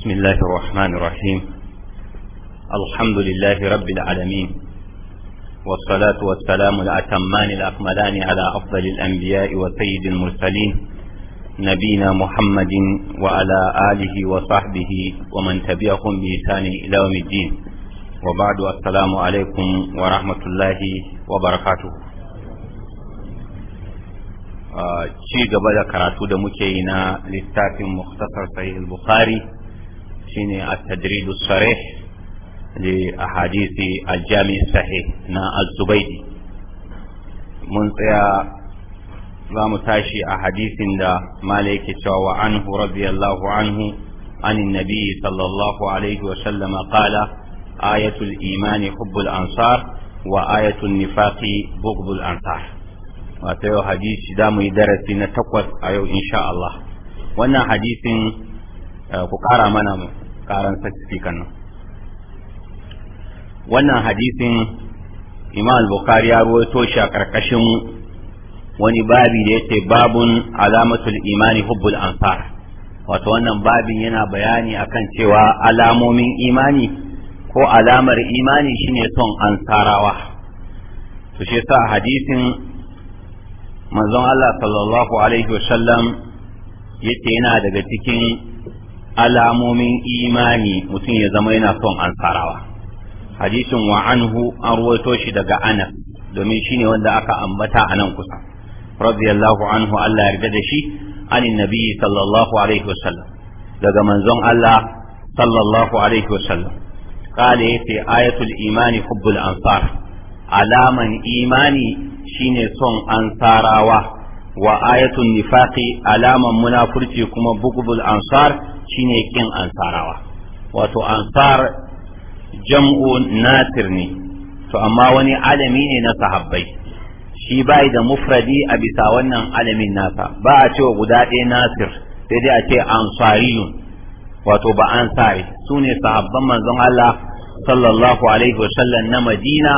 بسم الله الرحمن الرحيم الحمد لله رب العالمين والصلاة والسلام الأتمان الأكملان على أفضل الأنبياء وسيد المرسلين نبينا محمد وعلى آله وصحبه ومن تبعهم بإحسان إلى يوم الدين وبعد السلام عليكم ورحمة الله وبركاته ci gaba da karatu da muke yi na littafin muktasar sahih bukhari shine at-tadrid as-sarih li ahadisi al-jami na az-zubaydi mun tsaya zamu tashi a hadisin da malaiki cewa anhu radiyallahu anhu عن النبي صلى الله عليه وسلم قال آية الإيمان حب الأنصار وآية النفاق بغض الأنصار وتيو حديث دام درسنا تقوى أيو إن شاء الله وانا حديث ku kara mana karan nan wannan hadisin imam al-bukhari ya ruwaito shi a karkashin wani babi da yake babun alamatul imani hubbul ansar wato wannan babin yana bayani akan cewa alamomin imani ko alamar imani shine son ansarawa to shi yasa hadisin manzon Allah sallallahu alaihi Sallam yake yana daga cikin alamomin imani mutum ya zama yana son ansarawa hadisin wa anhu an ruwaito shi daga ana. domin ne wanda aka ambata a nan kusa radiyallahu anhu Allah yarda da shi anin nabi sallallahu alaihi wasallam daga manzon Allah sallallahu alaihi wasallam kale yace ayatul imani hubbul ansar alaman imani shine son ansarawa wa ayatul nifaqi alaman munafurci kuma bugbul ansar shine kin ansarawa wato ansar jam'u nasir ne to amma wani alami ne na sahabbai shi bai da mufradi a bisa wannan alamin nasa ba a cewa guda ɗaya nasir sai dai a ce ansariyun wato ba ansari su ne sahabban manzon Allah sallallahu alaihi sallam na Madina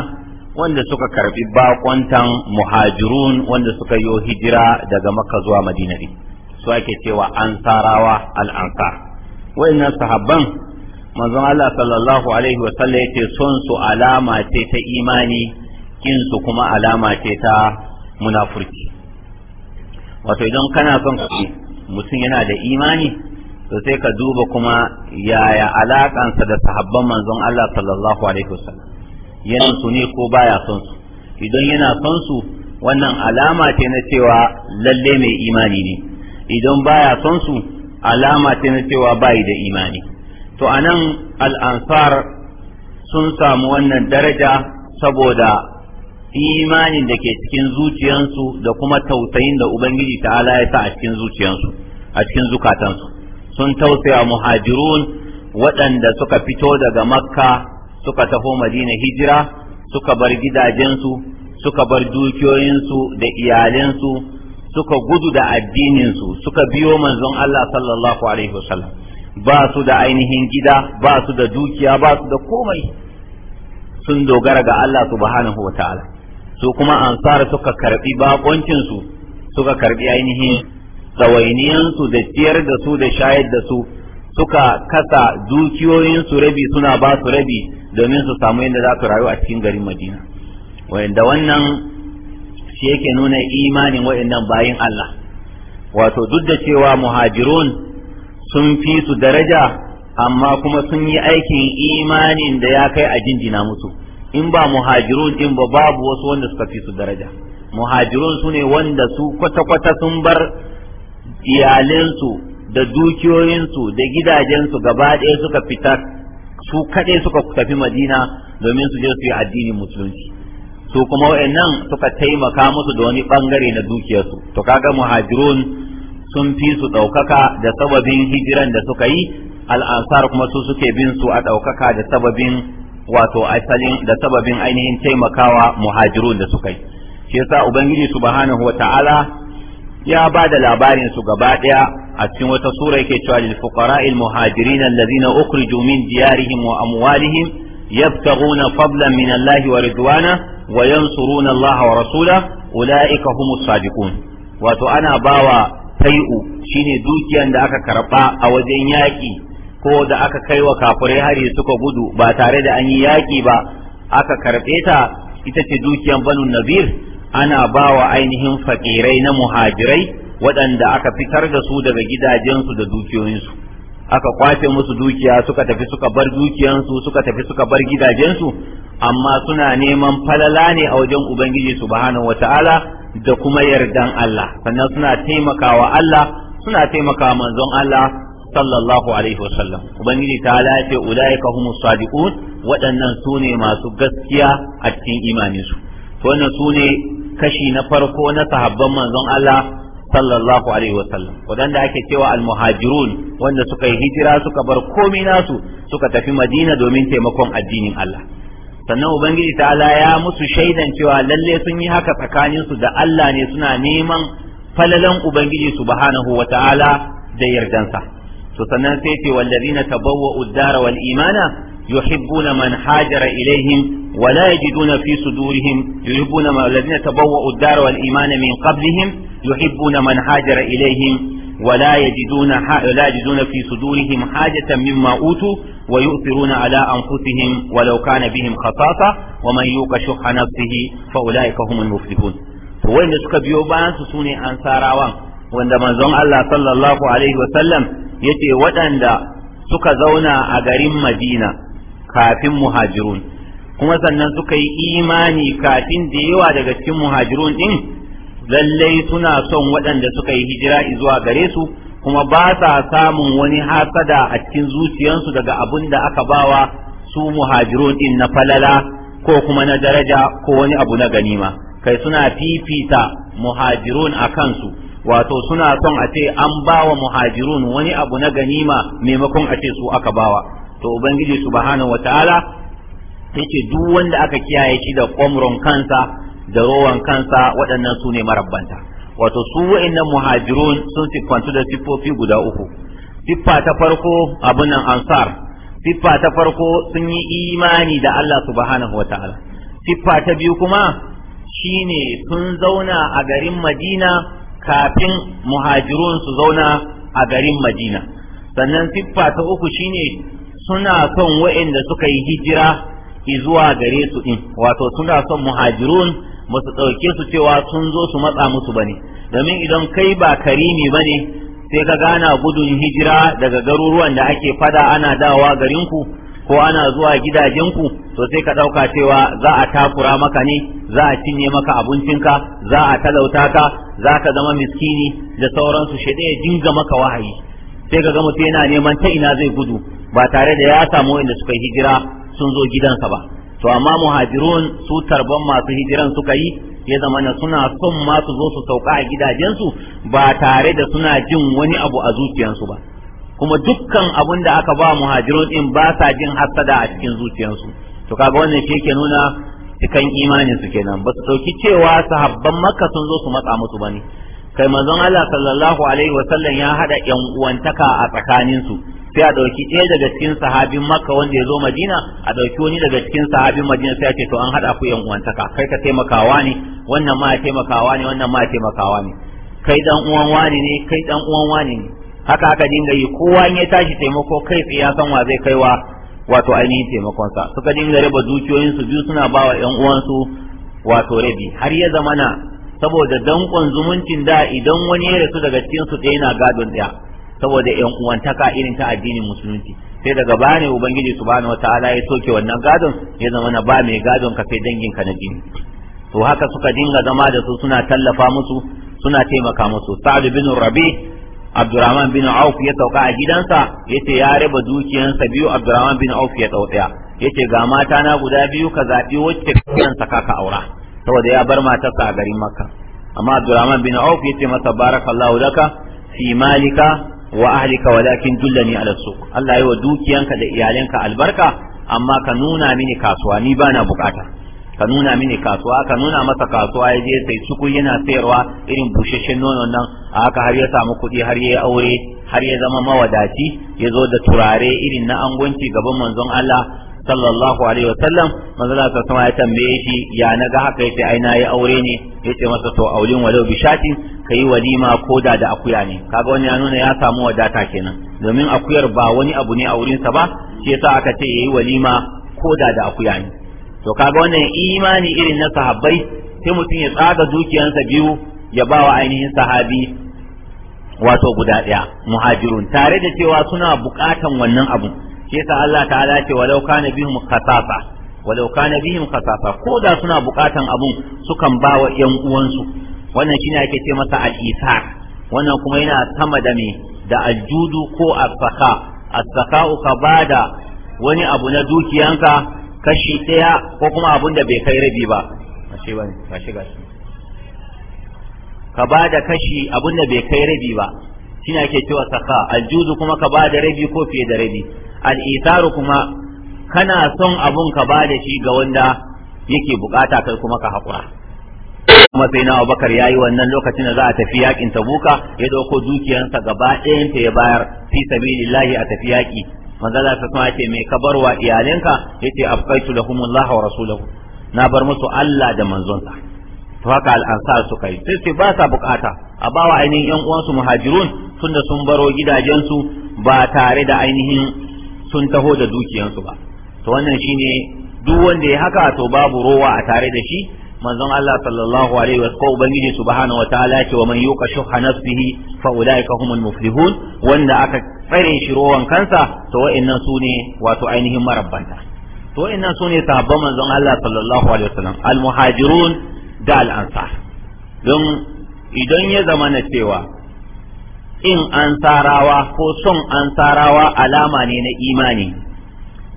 wanda suka karbi bakontan muhajirun wanda suka yi hijira daga Makka zuwa Madina din. su ake cewa ansarawa al'ansar wa'annan sahabban manzon Allah sallallahu alaihi wa sallam yace son su alama ce ta imani kin su kuma alama ce ta munafurci wato idan kana son mutum yana da imani to sai ka duba kuma yaya alakansa da sahabban manzon Allah sallallahu alaihi wasallam yana su ne ko baya son su idan yana son su wannan alama ce na cewa lalle mai imani ne idan baya son su alama ce na cewa bai da imani to anan al-ansar sun samu wannan daraja saboda imanin da ke cikin zuciyansu da kuma tausayin da ubangiji ta'ala ya sa a cikin zuciyansu a cikin zukatansu sun tausaya muhajirun waɗanda suka fito daga makka suka taho madina hijira suka bar gidajensu suka bar dukiyoyinsu da iyalinsu suka gudu da addininsu suka biyo manzon Allah sallallahu alaihi wasallam ba su da ainihin gida ba su da dukiya ba su da komai sun dogara ga Allah subhanahu wa ta'ala su kuma ansar suka karbi bakoncinsu suka karbi ainihin tsawainiyansu da ciyar da su da shayar da su suka kasa dukiyoyinsu rabi suna ba su rabi domin su samu yadda za su rayu a cikin garin madina wanda wannan shi yake nuna imanin waɗannan bayin Allah wato duk da cewa muhajirun sun fi su daraja amma kuma sun yi aikin imanin da ya kai a jinjina musu in ba muhajirun din ba babu wasu wanda suka fi su daraja muhajirun su ne wanda su kwata-kwata sun bar iyalinsu da dukiyoyinsu da gidajensu gaba ɗaya suka fita su kaɗai suka tafi madina domin su je su yi addinin musulunci su kuma wayannan suka taimaka musu da wani bangare na dukiyarsu to kaga muhajirun sun fi su ɗaukaka da sababin hijiran da suka yi al'ansar kuma su suke bin su a ɗaukaka da sababin wato asalin da sababin ainihin taimakawa muhajirun da suka yi shi yasa ubangiji subhanahu wata'ala ya ba da labarin su gaba ɗaya a cikin wata sura yake cewa lil fuqara'il muhajirin allazina ukhriju min diyarihim wa amwalihim yabtaghuna fadlan min Allah wa ridwana wa yansuruna Allah wa rasula ulaika humus sadiqun wato ana bawa tai'u shine dukiyan da aka karba a wajen yaƙi ko da aka kai wa kafirai hari suka gudu ba tare da an yi yaƙi ba aka karɓe ta ita ce dukiyan banu nazir ana bawa ainihin fakirai na muhajirai waɗanda aka fitar da su daga gidajensu da dukiyoyinsu aka kwace musu dukiya suka tafi suka bar dukiyansu suka tafi suka bar gidajensu amma suna neman falala ne a wajen ubangiji subhanahu wata'ala da kuma yardan Allah sannan suna taimakawa Allah suna taimakawa manzon Allah sallallahu alaihi wasallam ubangiji ta ce ulaika humus sadiqun waɗannan sune masu gaskiya a cikin imaninsu to wannan su kashi na farko na sahabban manzon Allah sallallahu alaihi wasallam wadanda ake cewa almuhajirun wanda suka yi hijira suka bar komi nasu suka tafi madina domin taimakon addinin Allah sannan ubangiji ta'ala ya musu shaidan cewa lalle sun yi haka tsakaninsu da Allah ne suna neman falalan ubangiji subhanahu wata'ala da yardansa to sannan sai ce wallazina tabawwa'u ad wal imana يحبون من هاجر إليهم ولا يجدون في صدورهم يحبون الذين تبوأوا الدار والإيمان من قبلهم يحبون من هاجر إليهم ولا يجدون لا يجدون في صدورهم حاجة مما أوتوا ويؤثرون على أنفسهم ولو كان بهم خصاصة ومن يوق شح نفسه فأولئك هم المفلحون وين سكبيو بان سوني أنصاراوان wanda manzon Allah sallallahu alaihi wasallam yace waɗanda suka zauna a garin Madina kafin muhajirun kuma sannan suka yi imani kafin da yawa daga cikin muhajirun din lallai suna son waɗanda suka yi hijira zuwa gare su kuma ba sa samun wani hasada a cikin zuciyansu daga abin da aka bawa su muhajirun din na falala ko kuma na daraja ko wani abu na ganima kai suna fifita muhajirun a kansu wato suna son a ce an bawa muhajirun wani abu na ganima maimakon a ce su aka bawa to ubangiji subhanahu wataala yace duk wanda aka kiyaye shi da kwamron kansa da rowan kansa waɗannan su ne marabbanta wato su wa'annan muhajirun sun siffantu da siffofi guda uku siffa ta farko abun nan ansar siffa ta farko sun yi imani da Allah subhanahu wataala siffa ta biyu kuma shine sun zauna a garin Madina kafin muhajirun su zauna a garin Madina sannan siffa ta uku shine suna son wa'inda suka yi hijira zuwa gare su din wato suna son muhajirun musu ɗauke su cewa sun zo su matsa musu bane domin idan kai ba karimi bane sai ka gana gudun hijira daga garuruwan da ake fada ana dawa garinku ko ana zuwa gidajenku to sai ka ɗauka cewa za a takura maka ne za a cinye maka abincinka za a talauta ka za ka zama miskini da sauransu shaɗe ya dinga maka wahayi sai ka ga mutum yana neman ta ina zai gudu ba tare da ya samu inda suka yi hijira sun zo gidansa ba to amma muhajirun su tarban masu hijiran suka yi ya zama na suna son ma su zo su sauka a gidajensu ba tare da suna jin wani abu a zuciyansu ba kuma dukkan abin da aka ba muhajirun din ba sa jin hasada a cikin zuciyansu to kaga wannan shi ke nuna cikan imanin su kenan ba su dauki cewa sahabban makka sun zo su matsa musu bane kai manzon Allah sallallahu alaihi wasallam ya hada yan uwantaka a tsakaninsu. su sai a ɗauki ɗaya daga cikin sahabin makka wanda ya zo madina a ɗauki wani daga cikin sahabin madina sai a ce to an haɗa ku yan uwantaka kai ka taimakawa ne wannan ma taimakawa ne wannan ma taimakawa ne kai dan uwan wani ne kai dan uwan wani ne haka aka dinga yi kowa in ya tashi taimako kai tsaye ya san wa zai kai wa wato ainihin taimakonsa suka dinga raba dukiyoyinsu biyu suna ba wa 'yan uwansu wato rabi har ya zamana saboda dankon zumuncin da idan wani ya rasu daga cikinsu ɗaya na gadon ɗaya saboda yan uwantaka irin ta addinin musulunci sai daga bane ubangiji subhanahu wataala ya soke wannan gadon ya zama na ba mai gadon ka sai dangin ka na jini to haka suka dinga zama da su suna tallafa musu suna taimaka musu sa'ad bin rabi abdurrahman bin auf ya sauka a gidansa yace ya raba dukiyansa biyu abdurrahman bin auf ya tsautsaya yace ga mata na guda biyu ka zabi wacce kan saka ka aura saboda ya bar matarsa a garin makka amma abdurrahman bin auf yace masa barakallahu laudaka fi malika wa ahlika walakin dullani ala suq Allah yi wa dukiyanka da iyalanka albarka amma ka nuna mini kasuwa ni bana bukata ka nuna mini kasuwa ka nuna masa kasuwa ya je sai cuku yana sayarwa irin busheshen nonon nan a haka har ya samu kuɗi har ya aure har ya zama mawadaci ya zo da turare irin na angonci gaban manzon Allah sallallahu alaihi wasallam manzo Allah sallallahu ya tambaye shi ya na ga haka yace ai na yi aure ne yace masa to aulin walau bishati kai walima ko da akuya ne kaga wani ya nuna ya samu wadata kenan domin akuyar ba wani abu ne a wurinsa ba shi yasa aka ce yayi walima ko da da akuya ne to kaga wannan imani irin na sahabbai sai mutum ya tsaga dukiyansa biyu ya ba wa ainihin sahabi wato guda ɗaya muhajirun tare da cewa suna buƙatan wannan abu yasa Allah ta'ala ce walau kana bihim khasasa walau kana bihim khasasa ko da suna bukatan abun sukan ba wa yan uwansu wannan shine ake ce masa al isa wannan kuma yana sama da me da aljudu ko as-saka saka ka bada wani abu na dukiyanka kashi daya ko kuma abun da bai kai rabi ba ashe ba gashi gashi ka bada kashi abun da bai kai rabi ba shine ake cewa saka aljudu kuma ka bada rabi ko fiye da rabi al'isaru kuma kana son abun ka ba da shi ga wanda yake bukata kai kuma ka haƙura kuma sai na abubakar ya yi wannan lokacin da za a tafi yakin tabuka ya dauko dukiyansa gaba ɗayanta ya bayar fi sabilillahi a tafi yaƙi manzala ta kuma ce mai kabarwa iyalinka yace afqaitu lahumullah wa rasuluhu na bar musu Allah da manzonsa to haka al'ansar suka yi sai ba sa bukata a bawa ainihin yan uwansu muhajirun tunda sun baro gidajensu ba tare da ainihin sun taho da dukiyansu ba to wannan shine duk wanda ya haka to babu rowa a tare da shi manzon Allah sallallahu alaihi wa sallam ubangiji subhanahu wa ta'ala ce wa man yuqa shuhha nafsihi fa ulaika humul muflihun wanda aka tsare shi rowan kansa to wa'annan sune wato ainihin marabbanta to wa'annan sune sahabban manzon Allah sallallahu alaihi wa sallam al muhajirun da al ansar don idan ya zama na cewa in ansarawa ko son ansarawa alama ne na imani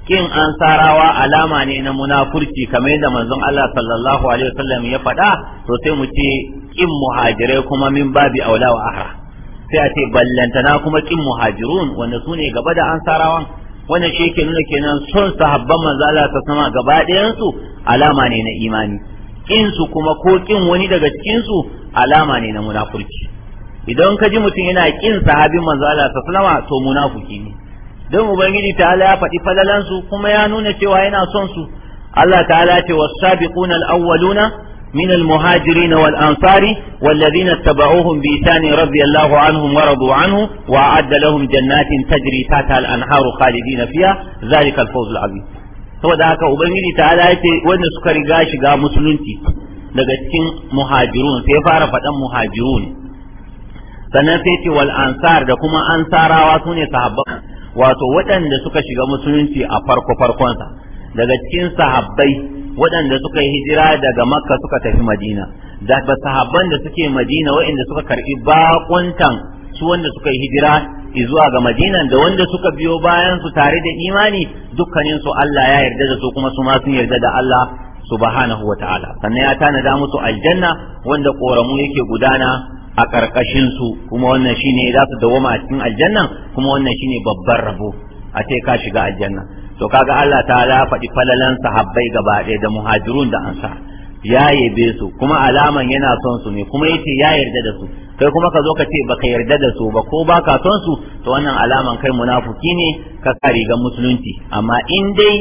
kin ansarawa alama ne na munafurci kamar da manzon Allah sallallahu alaihi wasallam ya faɗa to sai mu ce kin muhajirai kuma min babi aula wa ahra sai a ce ballantana kuma kin muhajirun wanda su gaba da ansarawan wannan shi yake nuna kenan son sahabban manzo Allah ta sama gaba su alama ne na imani kin su kuma ko kin wani daga cikin su alama ne na munafurci idan ka ji mutum yana kin sahabin manzala sa to munafuki ne don ubangiji ta ya faɗi falalansu kuma ya nuna cewa yana son su Allah ta ala ce wasabiquna awwaluna min almuhajirin wal ansari walladhina tabauhum bita ne radiyallahu anhum wa radu anhu wa a'adda jannatin tajri tahta al anharu khalidina fiha zalika al fawz al saboda haka ubangiji ta ala ce wanda suka riga shiga musulunci daga cikin muhajirun sai ya fara faɗan muhajirun sannan sai ce wal ansar da kuma ansarawa su ne sahabban wato waɗanda suka shiga musulunci a farko farkonsa daga cikin sahabbai waɗanda suka yi hijira daga makka suka tafi madina da sahabban da suke madina waɗanda suka karɓi bakuntan su wanda suka yi hijira zuwa ga madina da wanda suka biyo bayan su tare da imani dukkanin su Allah ya yarda da su kuma su ma sun yarda da Allah subhanahu wa ta'ala sannan ya tanada musu aljanna wanda koramu yake gudana a ƙarƙashin su kuma wannan shine za su dawoma a cikin aljanna kuma wannan shine babban rabo a ce ka shiga aljanna to kaga Allah ta ya faɗi falalan sahabbai gaba ɗaya da muhajirun da ansa ya yabe su kuma alaman yana son su ne kuma yace ya yarda da su kai kuma ka zo ka ce baka yarda da su ba ko baka son su to wannan alaman kai munafuki ne ka ka rigar musulunci amma in dai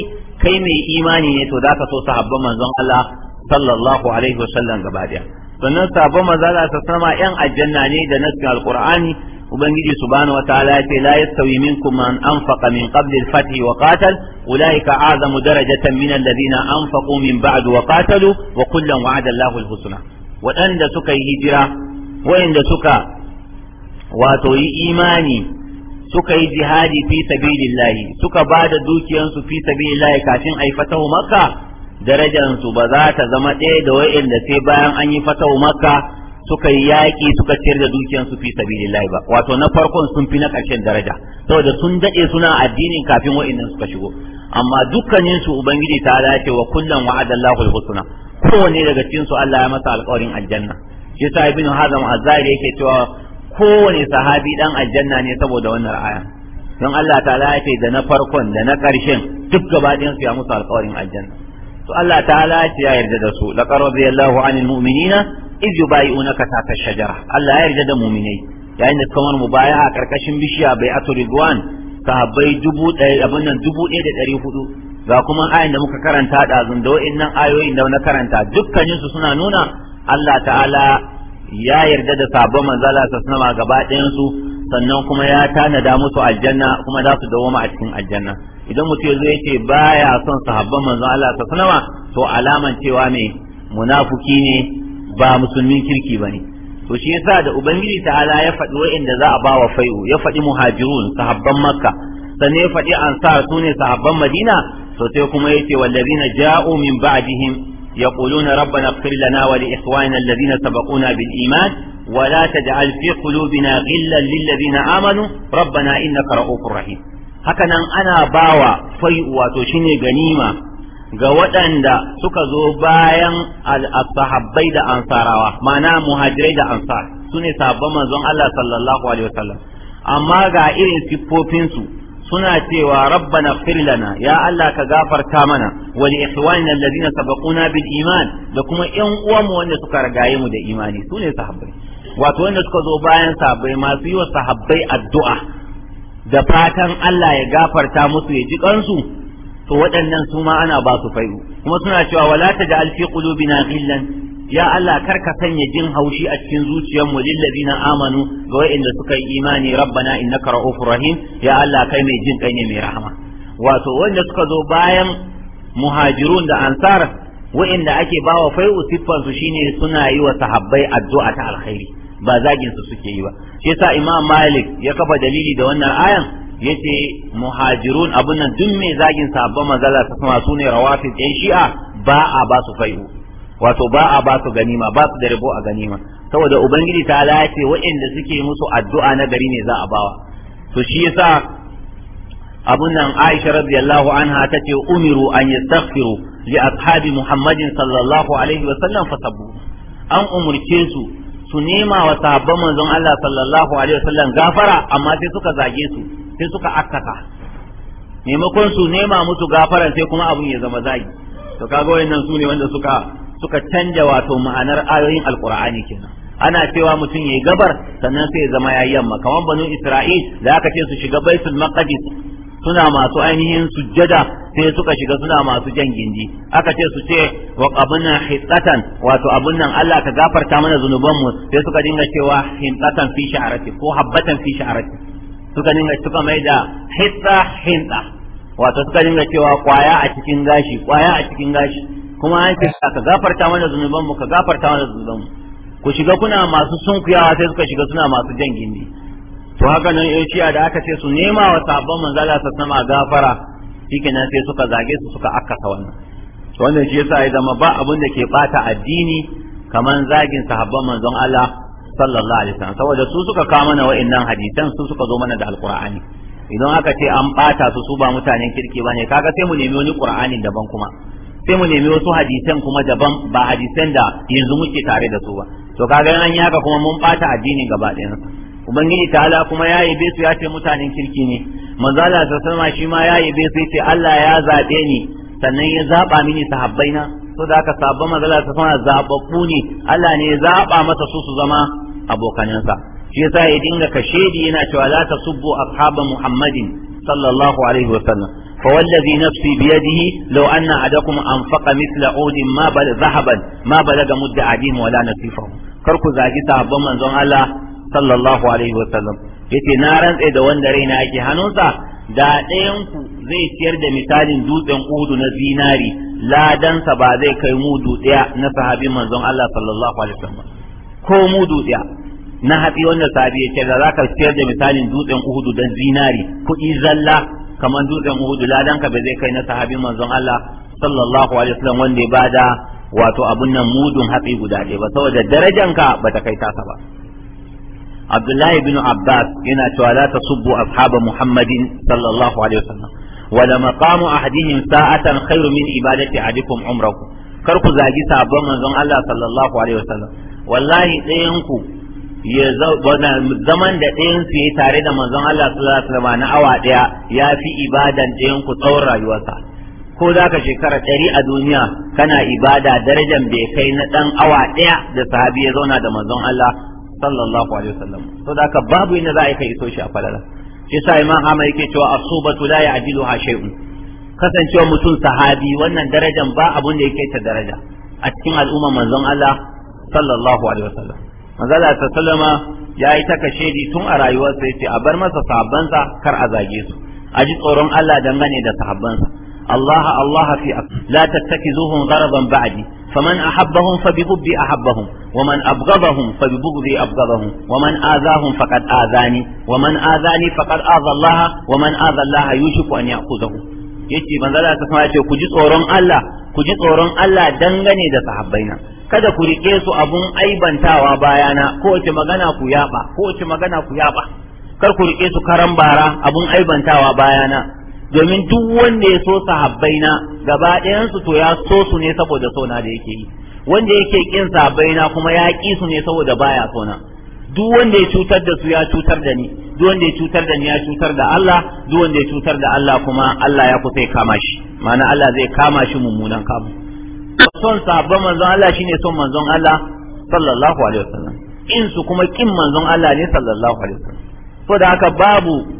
kai mai imani ne to zaka so sahabban manzon Allah sallallahu alaihi wasallam gaba daya sannan sabon maza za ta sama yan aljanna ne da nassin alkur'ani ubangiji subhanahu wataala ya ce la yastawi minkum man anfaqa min qabli al-fath wa qatal ulaika a'zamu darajatan min alladhina anfaqu min ba'd wa qatalu wa kullan wa'ada Allahu al-husna waɗanda suka yi hijira wayanda suka wato yi imani suka yi jihadi fi sabilillahi suka ba da dukiyansu fi sabilillahi kafin yi fatahu makka darajansu ba za ta zama ɗaya da wa'inda sai bayan an yi fatahu maka suka yi yaƙi suka ciyar da dukiyarsu fi sabilillahi ba wato na farkon sun fi na ƙarshen daraja saboda sun daɗe suna addinin kafin wa'innan suka shigo amma dukkanin su ubangiji ta dace wa kullum wa'adallahu alhusna kowanne daga cikin su Allah ya masa alƙawarin aljanna shi sa ibnu hazam azari yake cewa kowane sahabi dan aljanna ne saboda wannan aya don Allah ta ya da na farkon da na ƙarshen duk gaba su ya musu alƙawarin aljanna to Allah ta'ala ya yarda da su laqad radiyallahu anil mu'minina iz yubayi'unaka tahta shajara Allah ya yarda da mu'minai yayin da mu baya mubaya'a karkashin bishiya bai atu ridwan sahabbai dubu ɗaya abin nan dubu ɗaya da ɗari hudu ga kuma ayin da muka karanta ɗazun da wa'innan ayoyin da na karanta dukkaninsu suna nuna Allah ta'ala ya yarda da sabon manzala ta sanama gaba ɗayansu sannan kuma ya tanada musu aljanna kuma za su dawoma a cikin aljanna idan mutum yazo yace baya son sahabban manzon Allah ta sanawa, to alaman cewa ne munafuki ne ba musulmin kirki ba ne. to shi yasa da ubangiji ta'ala ya faɗi wa'inda za a bawa fai'u ya faɗi muhajirun sahabban makka sannan ya faɗi ansar sune sahabban madina to sai kuma yace wallazina ja'u min ba'dihim يقولون na اغفر لنا ولإخواننا الذين سبقونا بالإيمان ولا تجعل في قلوبنا غلا للذين آمنوا in na رؤوف رحيم hakanan ana bawa fai wato shine ganima ga waɗanda suka zo bayan al-sahabbai da ansarawa ma'ana muhajirai da ansar su ne sabon manzon Allah sallallahu alaihi wasallam amma ga irin siffofinsu suna cewa rabbana fir lana ya Allah ka gafarta mana wa li ikhwanina alladhina sabaquna bil iman da kuma ƴan uwanmu wanda suka ragaye mu da imani su ne sahabbai wato wanda suka zo bayan sahabbai masu yi wa sahabbai addu'a da fatan Allah ya gafarta musu ya ji kansu to waɗannan su ma ana ba su fai'u kuma suna cewa wala alfi fi qulubina ghillan ya Allah kar ka sanya jin haushi a cikin zuciyar mu lil ladina amanu ga wa'inda suka yi imani rabbana innaka ra'ufur rahim ya Allah kai mai jin kai ne mai rahama wato wanda suka zo bayan muhajirun da ansar wa'inda ake bawa fai'u siffan su shine suna yi wa sahabbai addu'a ta alkhairi ba zagin su suke yi ba shi yasa imam malik ya kafa dalili da wannan ayan yace muhajirun abun nan duk mai zagin sahabban manzala ta sama sune rawafid yan shi'a ba a ba su fai'u wato ba a ba su ganima ba su da rabo a ganima saboda ubangiji ta lace waɗanda suke musu addu'a na gari ne za a bawa to shi yasa abun nan Aisha radiyallahu anha tace umiru an yastaghfiru li ashabi Muhammadin sallallahu alaihi wa sallam fasabbu an umurce su su nema wa sahabban manzon Allah sallallahu alaihi wasallam gafara amma sai suka zage su sai suka akkata maimakon su nema musu gafara sai kuma abun ya zama zagi to kaga wayannan su ne wanda suka suka canja wato ma'anar ayoyin alqur'ani kenan ana cewa mutum yayi gabar sannan sai ya zama yayi yamma kamar banu isra'il da aka ce su shiga baitul maqdis suna masu ainihin sujjada sai suka shiga suna masu jan gindi aka ce su ce wa abun nan hitsatan wato abun nan Allah ka gafarta mana zunuban mu sai suka dinga cewa hitsatan fi sha'arati ko habbatan fi sha'arati suka dinga suka mai da hitsa hitsa wato suka dinga cewa kwaya a cikin gashi kwaya a cikin gashi kuma an ce ka gafarta mana zunuban mu ka gafarta mana zunuban mu ku shiga kuna masu sunkuyawa sai suka shiga suna masu jan gindi to haka nan ya da aka ce su nema wa sabon manzala ta sama gafara shikenan sai suka zage su suka akasa wannan to wannan shi yasa ya zama ba abun da ke bata addini kaman zagin sahabban manzon Allah sallallahu alaihi wasallam saboda su suka kawo mana wa'annan hadisan su suka zo mana da alqur'ani idan aka ce an bata su su ba mutanen kirki bane kaga sai mu nemi wani qur'anin daban kuma sai mu nemi wasu hadisan kuma daban ba hadisan da yanzu muke tare da su ba to kaga an yaka kuma mun bata addini gaba ɗaya ubangiji ala kuma ya yabe su ya ce mutanen kirki ne manzo ta sama shi ma ya yabe su ce Allah ya zaɓe ni sannan ya zaɓa mini na. so da aka sabba manzo Allah sallallahu zababbu ne Allah ne ya zaɓa masa su su zama abokanansa shi yasa ya dinga kashedi yana cewa la tasubbu ashaba muhammadin sallallahu alaihi wa sallam فوالذي نفسي بيده لو أن أحدكم أنفق مثل عود ما بل ذهبا ما بلغ مد أحدهم ولا نصيفه كركو زاجي صحابة من Allah. sallallahu alaihi wasallam yace na rantse da wanda raina yake hannunsa da ɗayan ku zai ciyar da misalin dutsen udu na zinari ladansa ba zai kai mudu ɗaya na sahabin manzon Allah sallallahu alaihi wasallam ko mudu ɗaya na haɗi wanda sahabi ya da zaka ciyar da misalin dutsen uhudu dan zinari kuɗi zalla kamar dutsen uhudu ladanka ba zai kai na sahabin manzon Allah sallallahu alaihi wasallam wanda ya bada wato abun nan mudun haɗi guda ɗaya ba saboda darajanka ba ta kai tasa ba abdullahi bin abbas yana cewa la tasubbu ashaba muhammadin sallallahu alaihi wasallam wala maqamu ahadihim sa'atan khairu min ibadati ahadikum umrahu kar ku zagi sabon manzon Allah sallallahu alaihi wasallam wallahi ɗayan ku ya zaman da ɗayan su yi tare da manzon Allah sallallahu alaihi wasallam na awa ɗaya ya fi ibadan ɗayan tsawon rayuwarsa ko za ka shekara ɗari a duniya kana ibada darajan bai kai na ɗan awa ɗaya da sahabi ya zauna da manzon Allah sallallahu alaihi wasallam to da ka babu inda za a yi ka iso shi a falala shi sa imam Ahmad yake cewa as-subatu la ya'diluha shay'un kasancewa mutum sahabi wannan darajan ba abun da yake ta daraja a cikin al'umma manzon Allah sallallahu alaihi wasallam manzon Allah sallama ya yi taka shaidi tun a rayuwarsa yace a bar masa sahabbansa kar a zage su a ji tsoron Allah dangane da sahabbansa Allah Allah fi la tattakizuhum gharaban ba'di فمن أحبهم فبحب أحبهم ومن أبغضهم فببغض أبغضهم ومن آذاهم فقد آذاني ومن آذاني فقد آذى الله ومن آذى الله يوشك أن يأخذه yace manzo Allah ta sama ce ku ji tsoron Allah ku ji tsoron Allah dangane da sahabbaina kada ku rike su abun aibantawa bayana ko wace magana ku yaba ko wace magana ku yaba kar ku rike su karan bara abun aibantawa bayana domin duk wanda ya so sahabbai na gaba ɗayansu to ya so su ne saboda sona da yake yi wanda yake kin sahabbai na kuma ya ki su ne saboda baya sona duk wanda ya cutar da su ya cutar da ni duk wanda ya cutar da ni ya cutar da Allah duk wanda ya cutar da Allah kuma Allah ya kusa ya kama shi ma'ana Allah zai kama shi mummunan kamu son sahabban manzon Allah shine son manzon Allah sallallahu alaihi wasallam in su kuma kin manzon Allah ne sallallahu alaihi wasallam saboda haka babu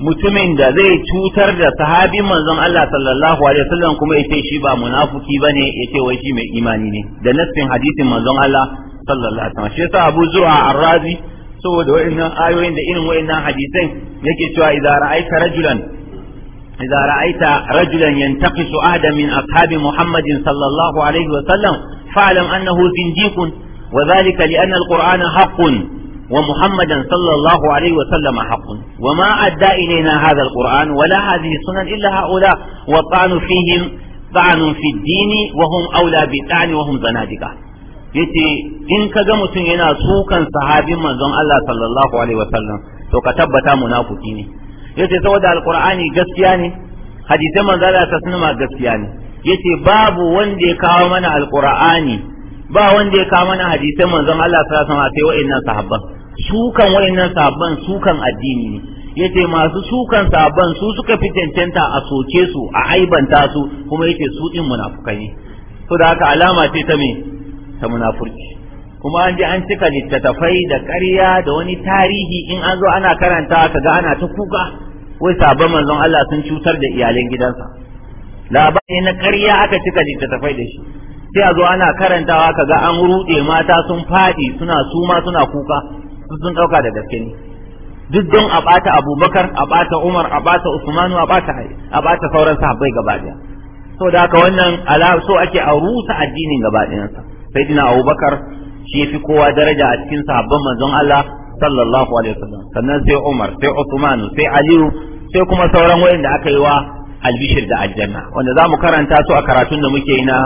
mutumin da zai cutar da sahabin manzon Allah sallallahu alaihi wasallam kuma yace shi ba munafiki bane yace wai shi mai imani ne da nassin hadisin manzon Allah sallallahu alaihi wasallam shi yasa Abu Zur'a Ar-Razi saboda wa'annan ayoyin da irin wa'annan hadisan yake cewa idza ra'aita rajulan idza ra'aita rajulan yantaqisu ahada min ashabi Muhammadin sallallahu alaihi wasallam fa'lam annahu zindiqun وذلك لأن القرآن حق ومحمدا صلى الله عليه وسلم حق وما أدى إلينا هذا القرآن ولا هذه السنن إلا هؤلاء وطعن فيهم طعن في الدين وهم أولى بالطعن وهم زنادقة yace in ka ga mutum yana sukan sahabin manzon Allah sallallahu alaihi wasallam to ka tabbata munafiki ne yace saboda alqur'ani gaskiya ne hadisan manzon Allah sallallahu gaskiya ne yace babu wanda ya kawo mana alqur'ani ba wanda ya kawo mana hadisan manzon Allah sallallahu alaihi wasallam sai wa'annan sahabban sukan wayannan sabon sukan addini ne yace masu sukan sabon su suka fi a soke su a aibanta su kuma yace su din munafukai ne to da haka alama ce ta me ta munafurci kuma an je an cika littattafai da ƙarya da wani tarihi in an zo ana karanta kaga ana ta kuka wai sabon manzon Allah sun cutar da iyalan gidansa labari na ƙarya aka cika littattafai da shi sai a zo ana karantawa kaga an ruɗe mata sun faɗi suna suma suna kuka sun dauka da gaske ne duk don a bata abubakar a bata umar a bata usmanu a bata a bata sauran sahabbai gaba daya so da haka wannan ala so ake a rusa addinin gaba ɗayansa sayyidina abubakar shi ya fi kowa daraja a cikin sahabban manzon Allah sallallahu alaihi wasallam sannan sai umar sai usmanu sai aliyu sai kuma sauran wayanda aka yi wa albishir da aljanna wanda za mu karanta su a karatun da muke yi na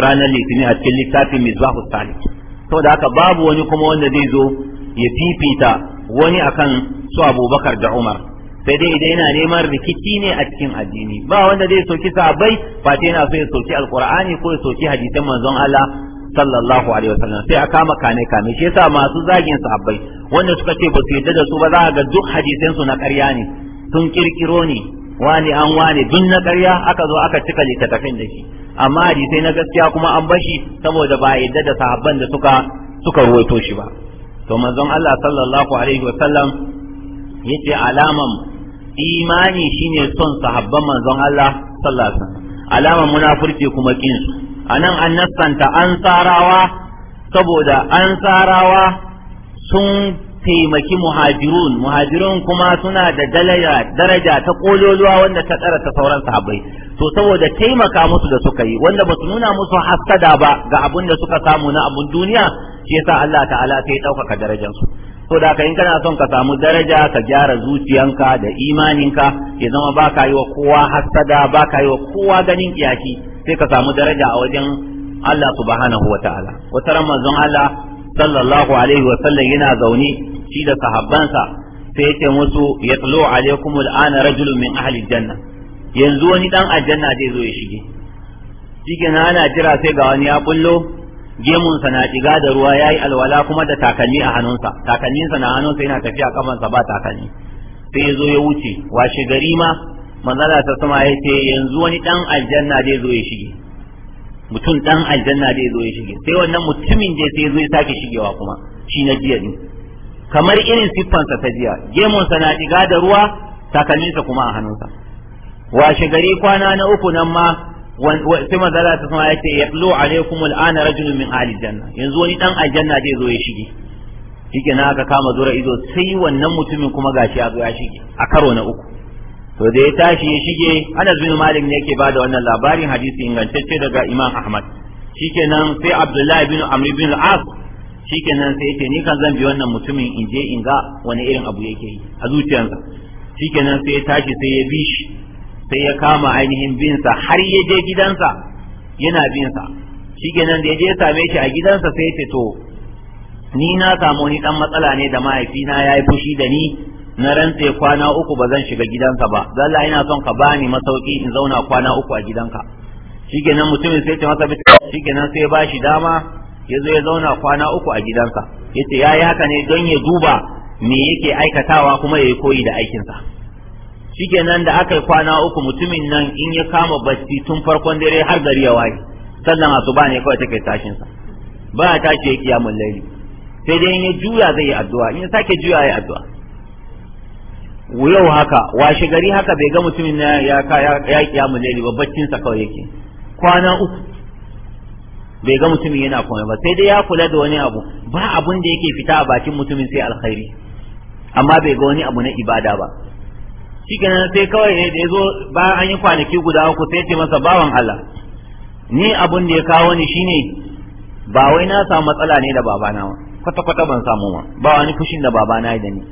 ranar litinin a cikin littafin misbahu salik da haka babu wani kuma wanda zai zo ya fifita wani akan su abubakar da umar sai dai idan yana neman rikici ne a cikin addini ba wanda zai soki sahabbai ba ta yana so ya soki alkur'ani ko ya soki hadisan manzon Allah sallallahu alaihi wasallam sai a kama kane kame shi yasa masu zagin sahabbai wanda suka ce ba su yadda da su ba za ga duk hadisan su na ƙarya ne sun kirkiro ne wani an wani duk na ƙarya aka zo aka cika littattafin da shi amma hadisai na gaskiya kuma an bashi saboda ba yadda da sahabban da suka suka ruwaito shi ba to manzon Allah sallallahu alaihi wa sallam yace alaman imani shine son sahabban manzon Allah sallallahu alaihi alaman munafurci kuma kin su anan an nassanta an tsarawa saboda an tsarawa sun taimaki muhajirun muhajirun kuma suna da daraja ta kololuwa wanda ta tsara ta sauran sahabbai to saboda taimaka musu da suka yi wanda ba su nuna musu hasada ba ga abin da suka samu na abun duniya shi yasa Allah ta'ala sai ya ɗaukaka darajar su to da in kana son ka samu daraja ka gyara zuciyanka da imaninka ya zama ba ka yi wa kowa hasada ka yi wa kowa ganin kiyaki sai ka samu daraja a wajen Allah subhanahu wa ta'ala wata ran Allah sallallahu alaihi wa sallam yana zaune shi da sahabbansa sai yake musu yatlu alaikum al'ana rajulun min ahli janna yanzu wani dan aljanna zai zo ya shige shi ana jira sai ga wani ya bullo gemunsa na diga da ruwa yayi alwala kuma da takalmi a hannunsa takalminsa na hannunsa yana tafiya kamansa ba takalmi sai ya zo ya wuce washe gari ma manzala ta sama ya ce yanzu wani dan aljanna zai zo ya shige mutum dan aljanna zai zo ya shige sai wannan mutumin je sai ya zo ya sake shigewa kuma shi na jiya ne kamar irin siffansa ta jiya gemunsa na diga da ruwa takalminsa kuma a hannunsa washe gari kwana na uku nan ma sai manzala ta sama yace ya alaikum al'ana rajulun min Ali janna yanzu wani dan aljanna zai zo ya shige shike na aka kama zura ido sai wannan mutumin kuma gashi ya zo ya shige a karo na uku to da ya tashi ya shige Anas bin Malik ne yake bada wannan labarin hadisi ingantacce daga Imam Ahmad shikenan sai Abdullahi bin Amri bin al-As shikenan sai yace ni kan zan bi wannan mutumin in je in ga wani irin abu yake yi a zuciyarsa shikenan sai ya tashi sai ya bi shi sai ya kama ainihin binsa har ya je gidansa yana binsa shi kenan da ya je same shi a gidansa sai ce to ni na samu wani dan matsala ne da mahaifina ya yi fushi da ni na rantse kwana uku ba zan shiga gidansa ba la ina son ka bani masauki in zauna kwana uku a gidanka shikenan mutumin sai ce masa shikenan sai ba shi dama ya zo ya zauna kwana uku a gidansa yace yayi haka ne don ya duba me yake aikatawa kuma ya yi koyi da aikinsa shikenan da aka yi kwana uku mutumin nan in ya kama bacci tun farkon dare har gari ya waye a suba ne kawai take tashin sa ba ya tashi ya kiyamul sai dai in ya juya zai yi addu'a in ya sake juya ya addu'a yau haka washe gari haka bai ga mutumin na ya ya kiyamul ba baccin sa kawai yake kwana uku bai ga mutumin yana komai ba sai dai ya kula da wani abu ba abun da yake fita a bakin mutumin sai alkhairi amma bai ga wani abu na ibada ba shikenan sai kawai ne da ya zo an yi kwanaki guda uku sai ce masa bawan Allah ni abun da ya kawo ni shine ba wai na samu matsala ne da babana ba kwata kwata ban samu ba ba wani fushin da babana ya da ni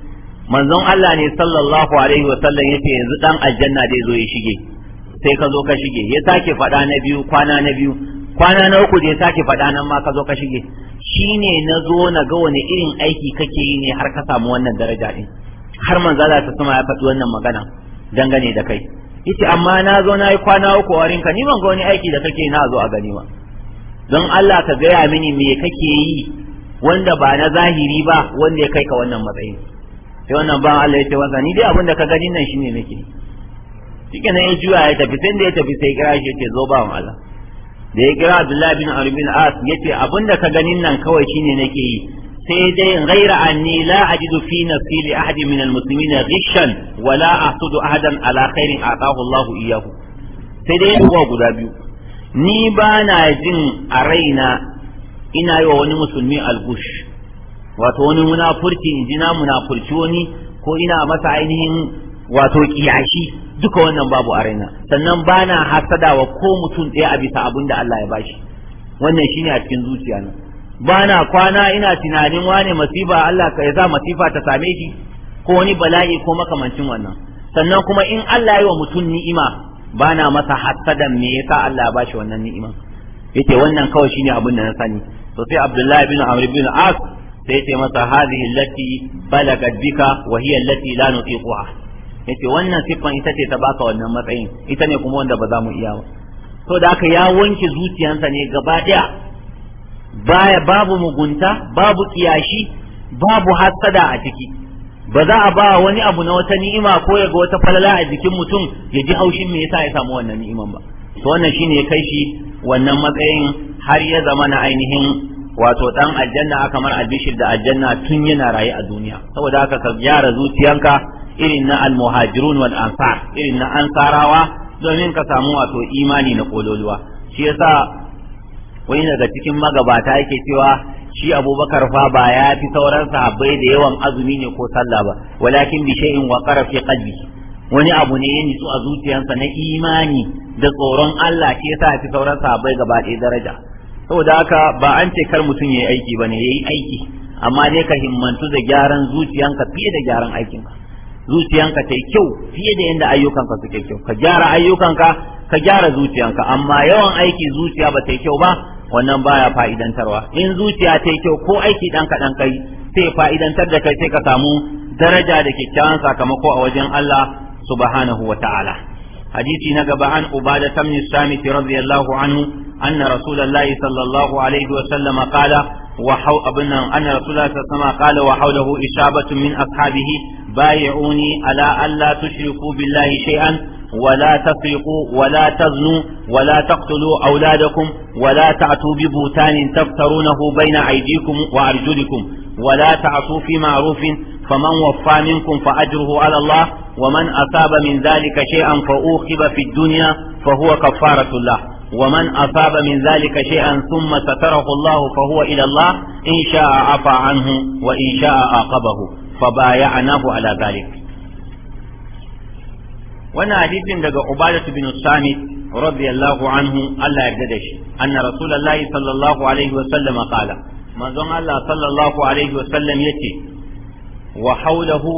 manzon Allah ne sallallahu alaihi wa sallam yace yanzu dan aljanna ya zo ya shige sai ka zo ka shige ya sake fada na biyu kwana na biyu kwana na uku da ya sake faɗa nan ma ka zo ka shige shine na zo na ga wani irin aiki kake yi ne har ka samu wannan daraja din har manzala ta sama ya faɗi wannan magana dangane da kai yace amma na zo na yi kwana uku a rinka ni ban ga wani aiki da kake na zo a gani ba don Allah ka gaya mini me kake yi wanda ba na zahiri ba wanda ya kai ka wannan matsayi sai wannan ba Allah ya ce wanda ni dai abin da ka gani nan shine nake shike nan ya juya ya tafi sai da ya tafi sai kira shi yace zo ba Allah da ya kira Abdullah bin Amr bin As yace abin da ka ganin nan kawai shine nake yi sai dai ghaira anni la ajidu fi nafsi li ahadin min almuslimina ghishan wala ahsudu ahadan ala khairin ataahu Allahu iyyahu sai dai duwa guda biyu ni ba na jin a raina ina yi wa wani musulmi algush wato wani munafurci in ji na munafurci wani ko ina masa ainihin wato kiyashi duka wannan babu a raina sannan ba na hasada wa ko mutum ɗaya a bisa abin da Allah ya bashi wannan shine a cikin zuciya na bana kwana ina tunanin wane masifa Allah ka za masifa ta same shi ko wani bala'i ko makamancin wannan sannan kuma in Allah yi wa mutum ni'ima bana masa hasadan me yasa Allah ba shi wannan ni'ima yace wannan kawai shine abin da na sani to sai Abdullahi bin Amr bin As sai yace masa hadhihi allati balagat bika wa hiya allati la nutiquha yace wannan siffan ita ce ta baka wannan matsayin ita ne kuma wanda ba za mu iya ba to da haka ya wanke zuciyansa ne gaba daya baya babu mugunta babu kiyashi babu hasada a ciki ba za a ba wani abu na wata ni'ima ko ya ga wata falala a jikin mutum ya ji haushin me yasa ya samu wannan ni'iman ba to wannan shine ya kai shi wannan matsayin har ya zama na ainihin wato dan aljanna kamar kamar albishir da aljanna tun yana rayu a duniya saboda haka ka gyara zuciyanka irin na almuhajirun wal ansar irin na ansarawa domin ka samu wato imani na kololuwa shi yasa wani daga cikin magabata yake cewa shi abubakar fa ba ya fi sauran sahabbai da yawan azumi ne ko sallah ba walakin bi shay'in wa qara fi qalbi wani abu ne ya su a zuciyarsa na imani da tsoron Allah ke sa fi sauran sahabbai gaba ɗaya daraja saboda haka ba an ce kar mutum yayi aiki bane yayi aiki amma ne ka himmantu da gyaran zuciyanka fiye da gyaran aikinka zuciyanka ta yi kyau fiye da yadda ayyukanka suke kyau ka gyara ayyukanka ka gyara zuciyanka amma yawan aiki zuciya ba ta yi kyau ba wannan baya fa'idantarwa in zuciya ta yi kyau ko aiki dan kaɗan kai sai fa'idantar da kai sai ka samu daraja da kyakkyawan sakamako a wajen Allah subhanahu wa ta'ala hadisi na gaba an ubada tamni samiti radiyallahu anhu أن رسول الله صلى الله عليه وسلم قال وحو أبنا أن رسول الله صلى الله عليه وسلم قال وحوله إشابة من أصحابه بايعوني على ألا تشركوا بالله شيئا ولا تسرقوا ولا تزنوا ولا تقتلوا أولادكم ولا تعتوا ببهتان تفترونه بين أيديكم وأرجلكم ولا تعصوا في معروف فمن وفى منكم فأجره على الله ومن أصاب من ذلك شيئا فأوخب في الدنيا فهو كفارة الله ومن أصاب من ذلك شيئا ثم ستره الله فهو إلى الله إن شاء عفى عنه وإن شاء عاقبه فبايعناه على ذلك وانا حديث daga Ubadah bin Samit radiyallahu anhu Allah yarda da shi anna Rasulullah sallallahu alaihi wasallam qala manzon Allah sallallahu alaihi wasallam yace wa hawlahu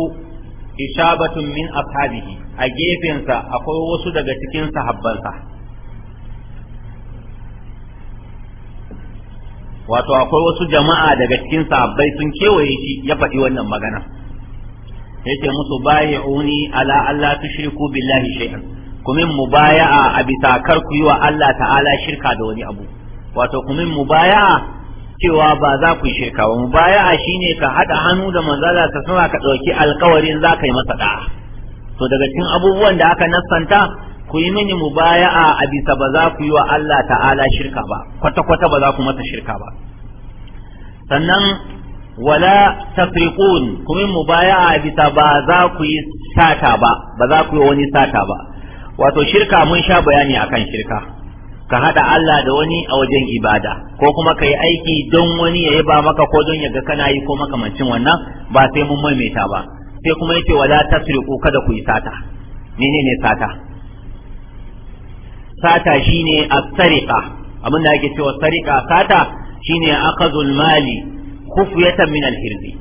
isabatun min ashabihi a gefensa akwai wasu daga cikin sahabbansa wato akwai wasu jama'a daga cikin sahabbai sun kewaye shi ya faɗi wannan magana yace musu bayi'uni ala Allah tushriku billahi shay'an kumin mubaya'a a bisa kar ku yi wa Allah ta'ala shirka da wani abu wato kumin mubaya'a cewa ba za ku shirka ba mubaya'a shine ka haɗa hannu da manzala ta sama ka ɗauki alkawarin za ka yi masa da'a to daga cikin abubuwan da aka nassanta ku yi mini mubaya'a a bisa ba za ku yi wa Allah ta'ala shirka ba kwata-kwata ba za ku mata shirka ba sannan wala tafriqun kuma baya a bisa ba za ku yi sata ba ba za ku yi wani sata ba wato shirka mun sha bayani akan shirka ka hada Allah da wani a wajen ibada ko kuma ka yi aiki don wani ya ba maka ko don ya ga kana yi ko makamancin wannan ba sai mun maimaita ba sai kuma yake wala tafriqu kada ku yi sata menene sata sata shine a sariqa abin da ake cewa sariqa sata shine akhadhul mali khufyatan min al-hirzi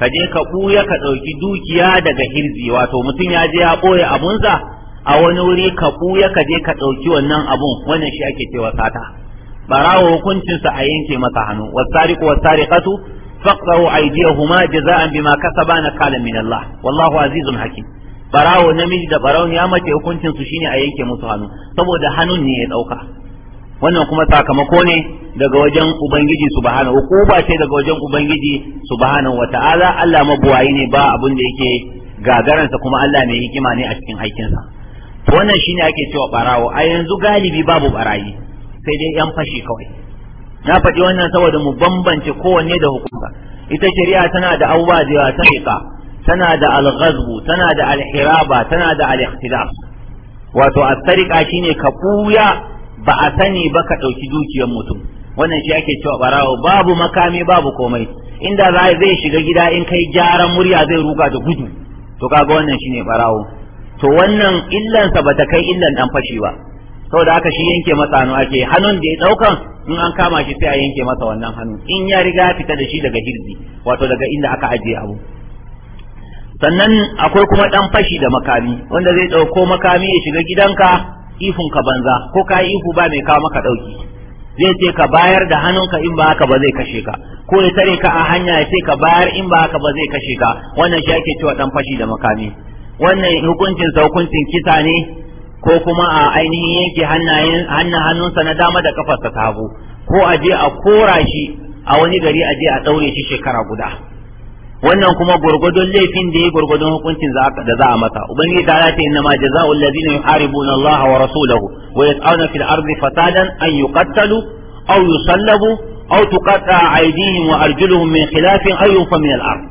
ka je ka buya ka ɗauki dukiya daga hirzi wato mutum ya je ya ɓoye abunsa a wani wuri ka buya ka je ka ɗauki wannan abun wannan shi ake cewa sata barawo hukuncinsa a yanke masa hannu was-sariqu was-sariqatu faqtahu aydiyahuma jaza'an bima kasaba kala min Allah wallahu azizun hakim barawo namiji da barawo ya mace hukuncin su shine a yanke musu hannu saboda hannun ne ya dauka wannan kuma sakamako ne daga wajen ubangiji subhanahu ba ce daga wajen ubangiji subhanahu wata'ala Allah mabuwayi ne ba abin da yake gagaransa kuma Allah mai hikima ne a cikin aikinsa to wannan shine ake cewa barawo a yanzu galibi babu barayi sai dai yan fashi kawai na faɗi wannan saboda mu bambance kowanne da hukunta ita shari'a tana da abubuwa da yawa ta tana da alghazbu tana da alhiraba tana da alikhtilaf wato asarika shine ka kuya ba a sani ba ka ɗauki dukiyar mutum wannan shi ake cewa barawo babu makami babu komai inda za zai shiga gida in kai gyaran murya zai ruga da gudu to kaga wannan shine barawo to wannan illan sa bata kai illan dan fashi ba saboda haka shi yanke masa ake hannun da ya daukan in an kama shi sai a yanke masa wannan hannu in ya riga fita da shi daga hirzi wato daga inda aka ajiye abu sannan akwai kuma dan fashi da makami wanda zai dauko makami ya shiga gidanka ifun ka banza ko ka yi ihu ba mai kawo maka dauki zai ce ka bayar da hannunka in ba haka ba zai kashe ka ko ya tare ka a hanya ya ce ka bayar in ba haka ba zai kashe ka wannan shi ake cewa dan fashi da makami wannan hukuncin sa hukuncin kisa ne ko kuma a ainihin yanke hannayen hannun hannunsa na dama da kafarsa ta hagu ko a je a kora shi a wani gari a je a daure shi shekara guda wannan kuma gurgudun laifin da ya gurgudun hukuncin da za a masa ubangiji ta ce inna ma jazaa'u allazina yuharibuna Allah wa rasulahu wa yas'una fil ardi fasadan an yuqattalu aw yusallabu aw tuqatta aydihim wa arjuluhum min khilafin aw yunfa min al ard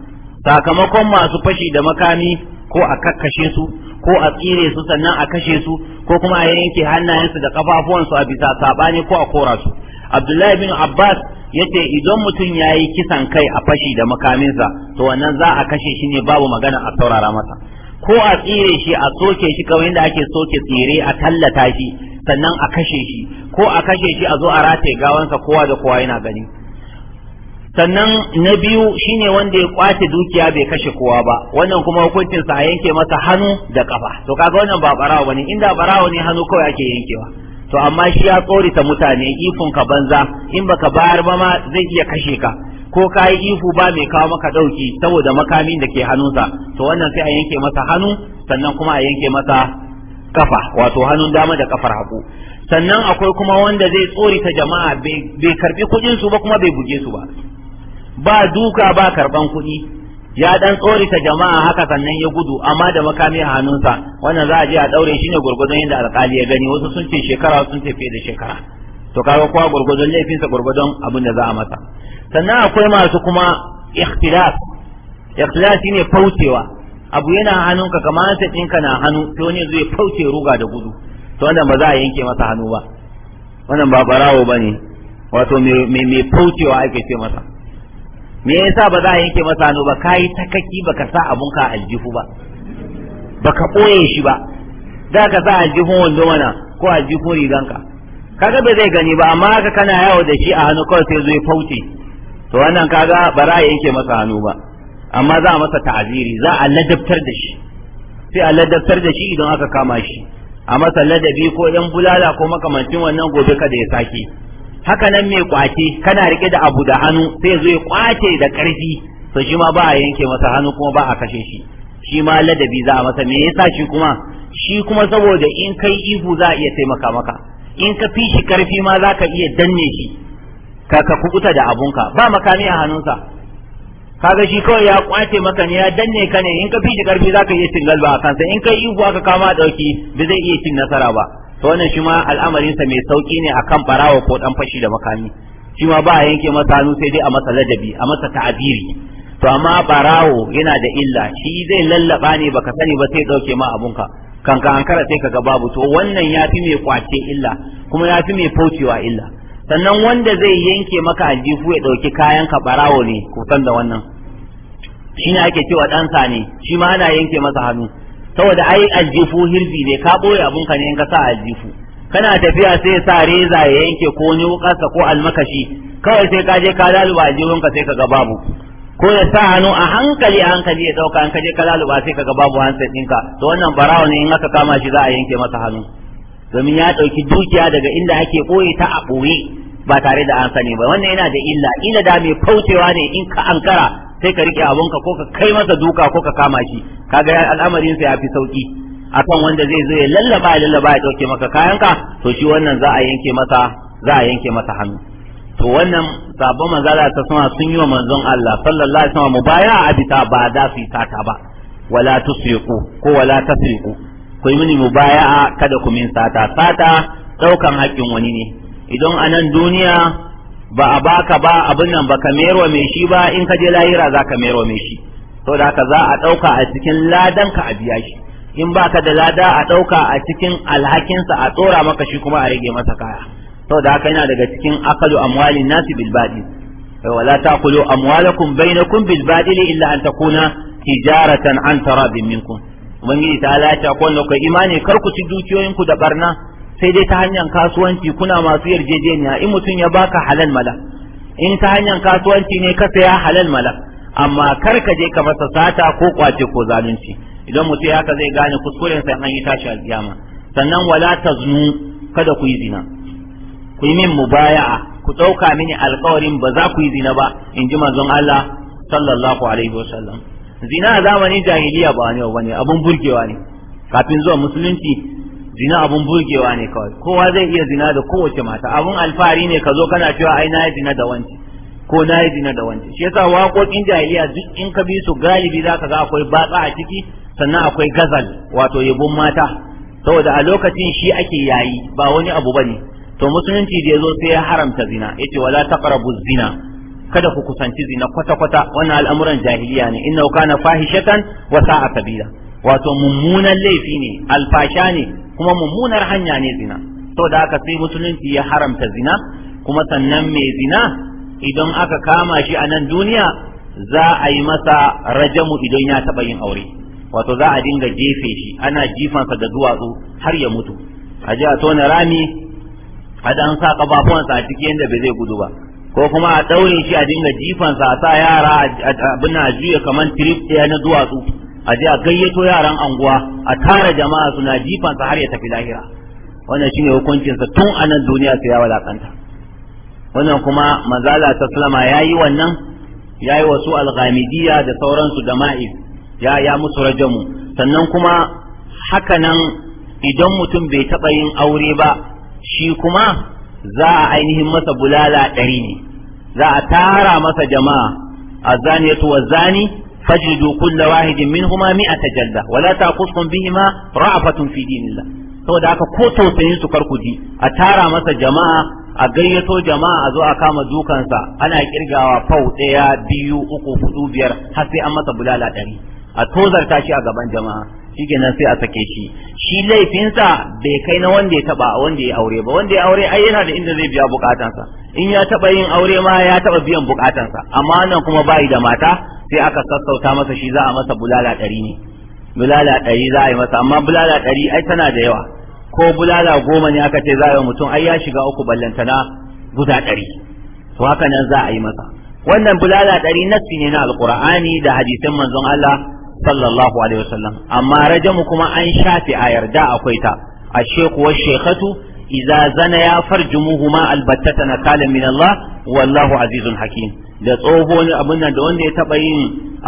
sakamakon masu fashi da makami ko a kakkashe su ko a tsire su sannan a kashe su ko kuma a yanke hannayensu da kafafuwansu a bisa sabani ko a kora su abdullahi bin abbas yace idan mutum yayi kisan kai a fashi da makaminsa to wannan za a kashe shi ne babu magana a saurara masa ko a tsire shi a soke shi kawai da ake soke tsire a tallata shi sannan a kashe shi ko a kashe shi a zo a rataye gawansa kowa da kowa yana gani sannan na biyu shine wanda ya kwace dukiya bai kashe kowa ba wannan kuma hukuncin sa yanke masa hannu da kafa to kaga wannan ba barawa bane inda barawo ne hannu kawai ake yankewa to amma shi ya tsorita mutane ifun ka banza in baka bayar ba ma zai iya kashe ka ko ka yi ifu ba mai kawo maka dauki saboda makamin da ke hannunsa to wannan sai a yanke masa hannu sannan kuma a yanke masa kafa wato hannun dama da kafar hagu sannan akwai kuma wanda zai tsorita jama'a bai karbi kudin su ba kuma bai buge su ba ba duka ba karban kudi ya dan tsorita jama'a haka sannan ya gudu amma da makami a hannunsa wannan za a je a daure shi ne gurgudun yadda alkali ya gani wasu sun ce shekara sun ce fiye da shekara to kawo kuwa gurgudun laifinsa gurgudun abin da za a masa sannan akwai masu kuma ikhtilaf ikhtilaf shine faucewa abu yana hannunka kamar sai ɗinka na hannu to wani zai fauce ruga da gudu to wannan ba za a yanke masa hannu ba wannan ba barawo bane wato mai faucewa ake ce masa me yasa ba za a yanke masa hannu ba kayi takaki baka sa abun ka aljihu ba baka boye shi ba da ka sa aljihun wando mana ko aljihun riganka kaga ba zai gani ba amma haka kana yawo da shi a hannu kawai sai zai fauce to wannan kaga ba za a yanke masa hannu ba amma za a masa ta'aziri za a ladabtar da shi sai a ladabtar da shi idan aka kama shi a masa ladabi ko yan bulala ko makamancin wannan gobe kada ya sake haka nan mai kwace kana rike da abu da hannu sai zo ya kwace da karfi to shi ma ba a yanke masa hannu kuma ba a kashe shi shi ma ladabi za a masa me yasa shi kuma shi kuma saboda in kai ihu za a iya taimaka maka in ka fi shi karfi ma za ka iya danne shi ka ka kukuta da abunka ba makami a hannunsa kaga shi kawai ya kwace maka ne ya danne ka ne in ka fi shi karfi za ka iya cin galba a kansa in kai ihu aka kama a ɗauki ba zai iya cin nasara ba to wannan shi ma al'amarinsa mai sauki ne akan barawo ko dan fashi da makami shi ma ba a yanke masa hannu sai dai a masa ladabi a masa ta'abiri to amma barawo yana da illa shi zai lallaba ne baka sani ba sai dauke ma abun ka ka ankara sai kaga babu to wannan ya fi mai kwace illa kuma ya fi mai faucewa illa sannan wanda zai yanke maka aljihu ya ɗauki kayan ka barawo ne kusan da wannan shi ne ake cewa dan ne shi ma ana yanke masa hannu saboda ai aljifu hirzi ne ka boye abun ka ne in ka sa aljifu kana tafiya sai sa reza ya yanke ko ni wukarsa ko almakashi kawai sai ka je ka laluba aljifun ka sai ka ga babu ko ya sa hannu a hankali a hankali ya dauka an kaje ka laluba sai ka ga babu hansa ɗinka to wannan barawo ne in aka kama shi za a yanke masa hannu domin ya ɗauki dukiya daga inda ake ɓoye ta a boye ba tare da an sani ba wannan yana da illa illa da mai kaucewa ne in ka ankara sai ka rike abunka ko ka kai masa duka ko ka kama shi kaga al'amarin sai ya fi sauki akan wanda zai zo ya lallaba ya lallaba ya dauke maka kayanka to shi wannan za a yanke masa za a yanke masa hannu to wannan sabon manzala ta sama sun yi wa manzon Allah sallallahu alaihi wasallam mubaya a bita ba da su yi tata ba wala tusriqu ko wala tasriqu ku yi mini mubaya kada ku min sata sata daukan haƙƙin wani ne idan a nan duniya ba a baka ba abin nan ba ka merwa mai shi ba in ka je lahira za ka merwa mai shi saboda haka za a ɗauka a cikin ka a biya shi in ba ka da lada a ɗauka a cikin alhakinsa a tsora maka shi kuma a rage masa kaya da haka yana daga cikin akalu amwalin nasi bil batil eh, wala taqulu amwalakum bainakum bil batil illa an takuna tijaratan an tarabin minkum ubangiji ta lata ko kai imani kar ku ci dukiyoyinku da barna sai dai ta hanyar kasuwanci kuna masu yarjejeniya in mutum ya baka halal mala in ta hanyar kasuwanci ne ka saya halal mala amma kar ka je ka masa sata ko kwace ko zalunci idan mutum haka zai gane kuskuren sai an yi tashi alkiyama sannan wala taznu kada ku yi zina ku yi min mubaya'a ku ɗauka mini alkawarin ba za ku yi zina ba in ji manzon Allah sallallahu alaihi wasallam zina a zamanin jahiliya ba wani abun burgewa ne kafin zuwa musulunci zina abun burgewa ne kawai kowa zai iya zina da kowace mata abun alfahari ne ka zo kana cewa ai na yi zina da wanci ko na yi zina da wanci shi yasa waƙoƙin jahiliya duk in ka bi su galibi za ka ga akwai batsa a ciki sannan akwai gazal wato yabon mata saboda a lokacin shi ake yayi ba wani abu bane to musulunci da yazo sai ya haramta zina yace wala taqrabu zina kada ku kusanci zina kwata kwata wannan al'amuran jahiliya ne innahu kana fahishatan wa sa'a sabila wato mummunan laifi ne alfasha ne kuma mummunar hanya ne zina to da aka sai musulunci ya haramta zina kuma sannan mai zina idan aka kama shi a nan duniya za a yi masa rajamu idan ya taɓa yin aure wato za a dinga jefe shi ana jifansa da duwatsu har ya mutu a ji a tona rami a dan sa kafafuwansa a ciki yadda bai zai gudu ba ko kuma a ɗaure shi a dinga jifansa a sa yara abin a juya kamar tirip ɗaya na duwatsu a je a gayyato yaran anguwa a tara jama'a suna jifansa har ya tafi lahira wannan shine hukuncinsa tun anan nan duniya sai ya walakanta wannan kuma manzala ta ya yayi wannan yayi wasu alghamidiya da sauransu da ma'if ya ya musu rajamu sannan kuma haka nan idan mutum bai taɓa yin aure ba shi kuma za a ainihin masa bulala ɗari ne za a tara masa jama'a a zaniyatu wa zani فاجلدوا كل واحد منهما مئة جلدة ولا تأخذكم بهما رأفة في دين الله saboda haka ko tausayin su karku a tara masa jama'a a gayyato jama'a a zo a kama dukansa ana kirgawa fau ɗaya biyu uku hudu biyar har sai an masa bulala ɗari a tozarta shi a gaban jama'a shikenan sai a sake shi shi laifinsa bai kai na wanda ya taba wanda ya aure ba wanda ya aure ai yana da inda zai biya bukatansa in ya taba yin aure ma ya taba biyan bukatansa amma nan kuma bai da mata sai aka sassauta masa shi za a masa bulala ɗari ne bulala ɗari za a yi masa amma bulala ɗari ai tana da yawa ko bulala goma ne aka ce za a yi mutum ai ya shiga uku ballantana guda ɗari to haka nan za a yi masa wannan bulala ɗari nassi ne na alkur'ani da hadisan manzon Allah sallallahu alaihi wasallam amma rajamu kuma an shafi a yarda akwai ta asheku wa shekhatu idza zana ya farjumuhuma albattata nakalan min Allah wallahu azizun hakim da tsoho ne abin da wanda ya taba yin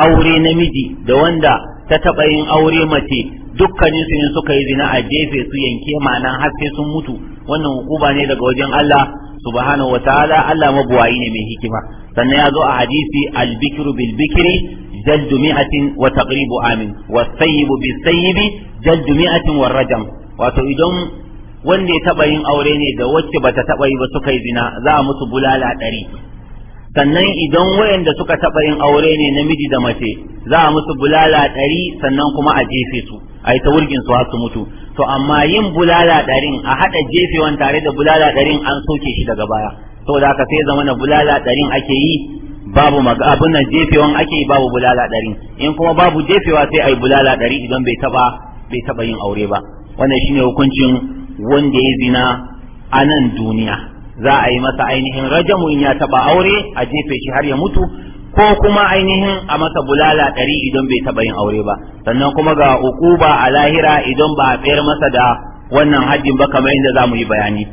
aure namiji da wanda ta taba yin aure mace dukkanin su suka yi zina a jefe su yanke ma'anan har sun mutu wannan hukuba ne daga wajen Allah subhanahu ta'ala. Allah mabuwayi ne mai hikima sannan ya zo a hadisi albikru bil جلد مئة وتقريب عام والسيب بالسيب جلد مئة والرجم وتؤدم wanda ya taɓa yin aure ne da wacce bata taɓa yi ba suka yi zina za a musu bulala ɗari sannan idan wayanda suka taɓa yin aure ne namiji da mace za a musu bulala ɗari sannan kuma a jefe su a yi ta wurgin su su mutu to amma yin bulala ɗarin a haɗa jefewan tare da bulala ɗarin an soke shi daga baya saboda haka sai zama na bulala ɗarin ake yi babu abin nan jefewan ake babu bulala ɗari in kuma babu jefewa sai a bulala ɗari idan bai taɓa bai taba yin aure ba wannan shine hukuncin wanda ya zina a nan duniya za a yi masa ainihin rajamu in ya taɓa aure a jefe shi har ya mutu ko kuma ainihin a masa bulala ɗari idan bai taba yin aure ba sannan kuma ga ba a lahira idan ba a tsayar masa da wannan hajjin ba kamar inda za mu yi bayani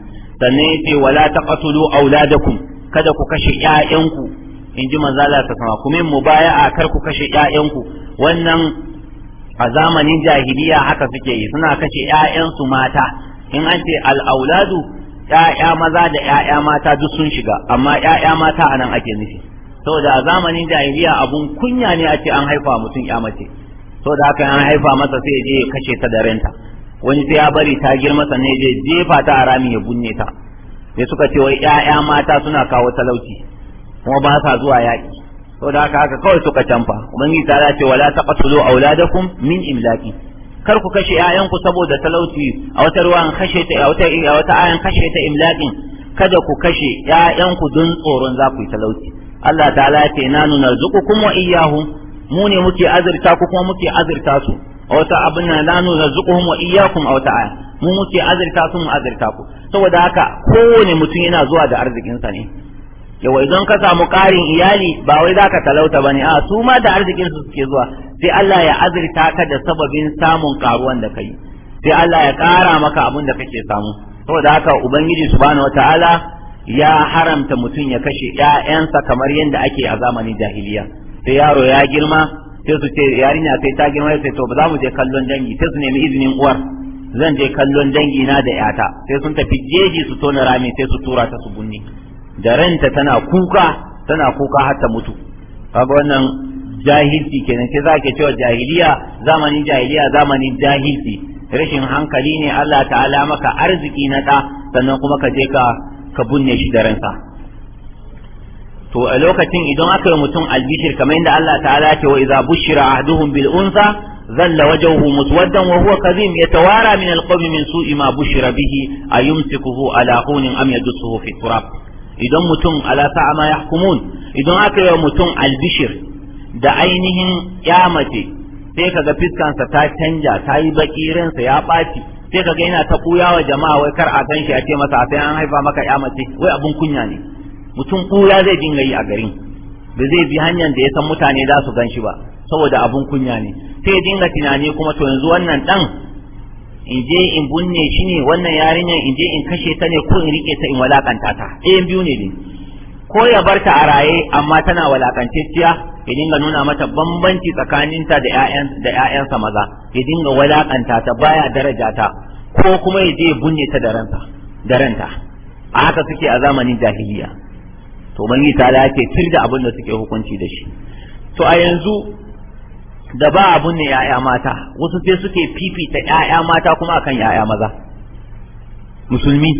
sannan ya ce wala taqtulu auladakum kada ku kashe ƴaƴanku in ji manzo Allah ta sama kuma mubaya'a kar ku kashe ƴaƴanku wannan a zamanin jahiliya haka suke yi suna kashe ƴaƴansu mata in an ce al-auladu ƴaƴa maza da ƴaƴa mata duk sun shiga amma ƴaƴa mata anan ake nufi saboda a zamanin jahiliya abun kunya ne a ce an haifa mutum ya mace saboda haka an haifa masa sai je ya kashe ta da renta wani sai ya bari ta girma sannan ya je jefa ta a rami ya bunne ta sai suka ce wai ƴaƴa mata suna kawo talauci kuma ba sa zuwa yaƙi da haka haka kawai suka canfa ubangiji ta ce wala taqtulu auladakum min imlaqi kar ku kashe ƴaƴanku saboda talauci a wata ruwan kashe ta a wata a wata ayan kashe ta imlaqin kada ku kashe ƴaƴanku don tsoron za ku yi talauci Allah ta'ala ce nuna narzuqukum wa iyyahum mu ne muke azurta ku kuma muke azurta su a wata abin nan nanu narzuquhum wa iyyakum a wata aya mu muke azurta su mu azurta ku saboda haka kowane mutum yana zuwa da arzikinsa ne yawa idan ka samu ƙarin iyali ba wai za ka talauta ba ne a su ma da arzikin su suke zuwa sai Allah ya azurta ka da sababin samun karuwan da kai sai Allah ya ƙara maka abin da kake samu saboda haka ubangiji subhanahu wataala ya haramta mutum ya kashe ƴaƴansa kamar yadda ake a zamanin jahiliya sai yaro ya girma sai su ce yarinya sai ta girma sai to ba za mu je kallon dangi sai su nemi izinin uwar zan je kallon dangi na da ƴata sai sun tafi jeji su tona rami sai su tura ta su bunni da ranta tana kuka tana kuka har ta mutu kaga wannan jahilci kenan sai zaka cewa jahiliya zamanin jahiliya zamanin jahilci rashin hankali ne Allah ta'ala maka arziki na ɗa sannan kuma ka je ka ka bunne shi da ranka to a lokacin idan aka yi mutum albishir kamar yadda Allah ta'ala ce wa idza bushira ahduhum bil unsa ظل وجهه مسودا وهو كظيم يتوارى من القوم من سوء ما بشر bihi أيمسكه على هون أم يدسه في التراب idan mutum ala sa'a ma yahkumun idan aka yi mutum albishir da ainihin kyamace sai kaga fiskansa ta canja ta yi baki ransa ya ɓaci sai kaga yana ta kuya wa jama'a wai kar a san shi a ce masa sai an haifa maka kyamace wai abun kunya ne mutum kuya zai dinga yi a garin ba zai bi hanyar da ya san mutane za su gan ba saboda abun kunya ne sai dinga tunani kuma to yanzu wannan dan in je in bunne shi ne wannan yarinyar in je in kashe ta ne ko in rike ta in walakanta ta eh biyu ne din. ko ya bar ta a raye amma tana walakantacciya ya dinga nuna mata bambanci tsakaninta da ƴaƴan da ƴaƴansa maza ya dinga walakanta ta baya daraja ta ko kuma ya je bunne ta da ranta da ranta a haka suke a zamanin jahiliya to bangi ta yake tilda da abin da suke hukunci da shi to a yanzu da ba abun ne ‘ya'ya mata wasu sai suke fifita ‘ya'ya mata kuma akan ‘ya'ya maza musulmi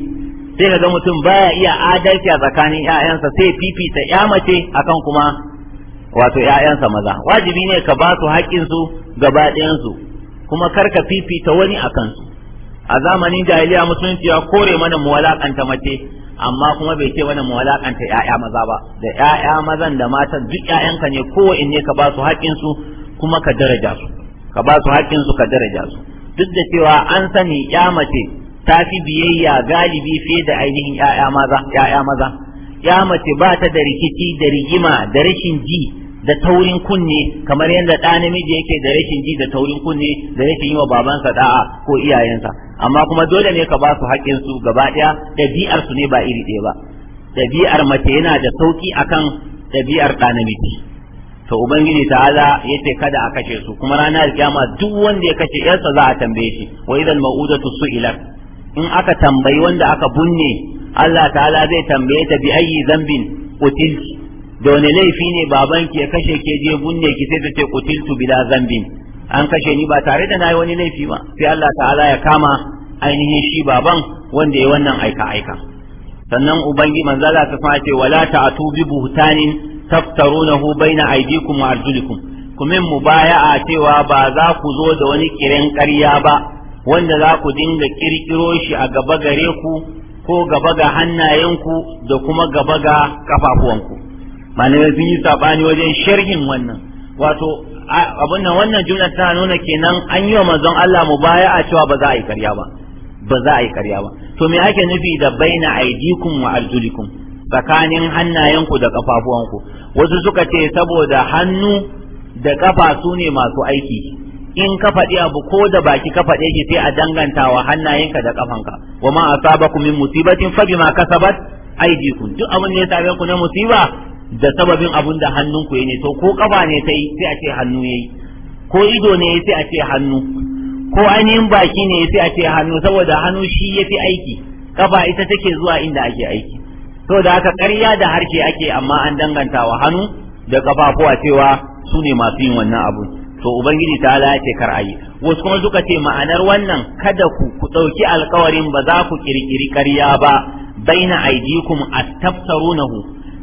sai ka ga mutum baya iya adalci a tsakanin ‘ya'yansa sai fifita ‘ya mace akan kuma wato ‘ya'yansa maza wajibi ne ka ba su haƙƙinsu gaba ɗayansu kuma kar ka fifita wani a kansu a zamanin jahiliya musulunci ya kore mana mu walakanta mace amma kuma bai ce mana mu yaya ya'ya maza ba da ya'ya mazan da matan duk yayanka ne ne ka ba su su kuma ka daraja su ka ba su hakkin su ka daraja su duk da cewa an sani ya mace ta fi biyayya galibi fiye da ainihin ya'ya maza ya'ya maza ya mace ba ta da rikici da rigima da rashin ji da taurin kunne kamar yadda ɗa namiji yake da rashin ji da taurin kunne da rashin yi wa babansa da'a ko iyayensa amma kuma dole ne ka ba su haƙƙin su gaba ɗaya ɗabi'ar su ne ba iri ɗaya ba ɗabi'ar mace yana da sauƙi akan ɗabi'ar ɗa namiji to ubangiji ta'ala yace kada a kashe su kuma ranar kiyama duk wanda ya kashe yarsa za a tambaye shi wa idan ma'udatu su'ilat in aka tambayi wanda aka bunne Allah ta'ala zai tambaye ta bi ayyi zambin qutil da wani laifi ne babanki ya kashe ke je bunne ki sai ta ce qutiltu bila zambin an kashe ni ba tare da nayi wani laifi ba sai Allah ta'ala ya kama ainihin shi baban wanda ya wannan aika aika sannan ubangi manzala ta ce wala ta'tu bi buhtanin taftarunahu baina aydikum wa arjulikum kuma mubaya'a cewa ba za ku zo da wani kiran ƙarya ba wanda za ku dinga kirkiro shi a gaba gare ku ko gaba ga hannayenku da kuma gaba ga kafafuwanku malamai sun yi sabani wajen sharhin wannan wato abin nan wannan jumla ta nuna kenan an yi wa manzon Allah mubaya'a cewa ba za a yi ƙarya ba ba za a yi ƙarya ba to me ake nufi da baina aidikum wa arjulikum tsakanin hannayenku da kafafuwanku wasu suka ce saboda hannu da kafa su ne masu aiki in ka faɗi abu ko da baki ka faɗe shi sai a dangantawa hannayenka da kafanka wa ma asabakum min musibatin fa bima kasabat aydikum duk abin da ya same ku na musiba da sababin abin da hannunku ne to ko kafa ne sai sai a ce hannu yayi ko ido ne sai a ce hannu ko ainihin baki ne sai a ce hannu saboda hannu shi yafi aiki kafa ita take zuwa inda ake aiki to da haka ƙarya da harshe ake amma an danganta wa hannu da kafafuwa cewa su ne masu yin wannan abu to ubangiji ta ala ce kar ayi wasu kuma suka ce ma'anar wannan kada ku ku ɗauki alkawarin ba za ku ƙirƙiri ƙarya ba baina aidikum astafsarunahu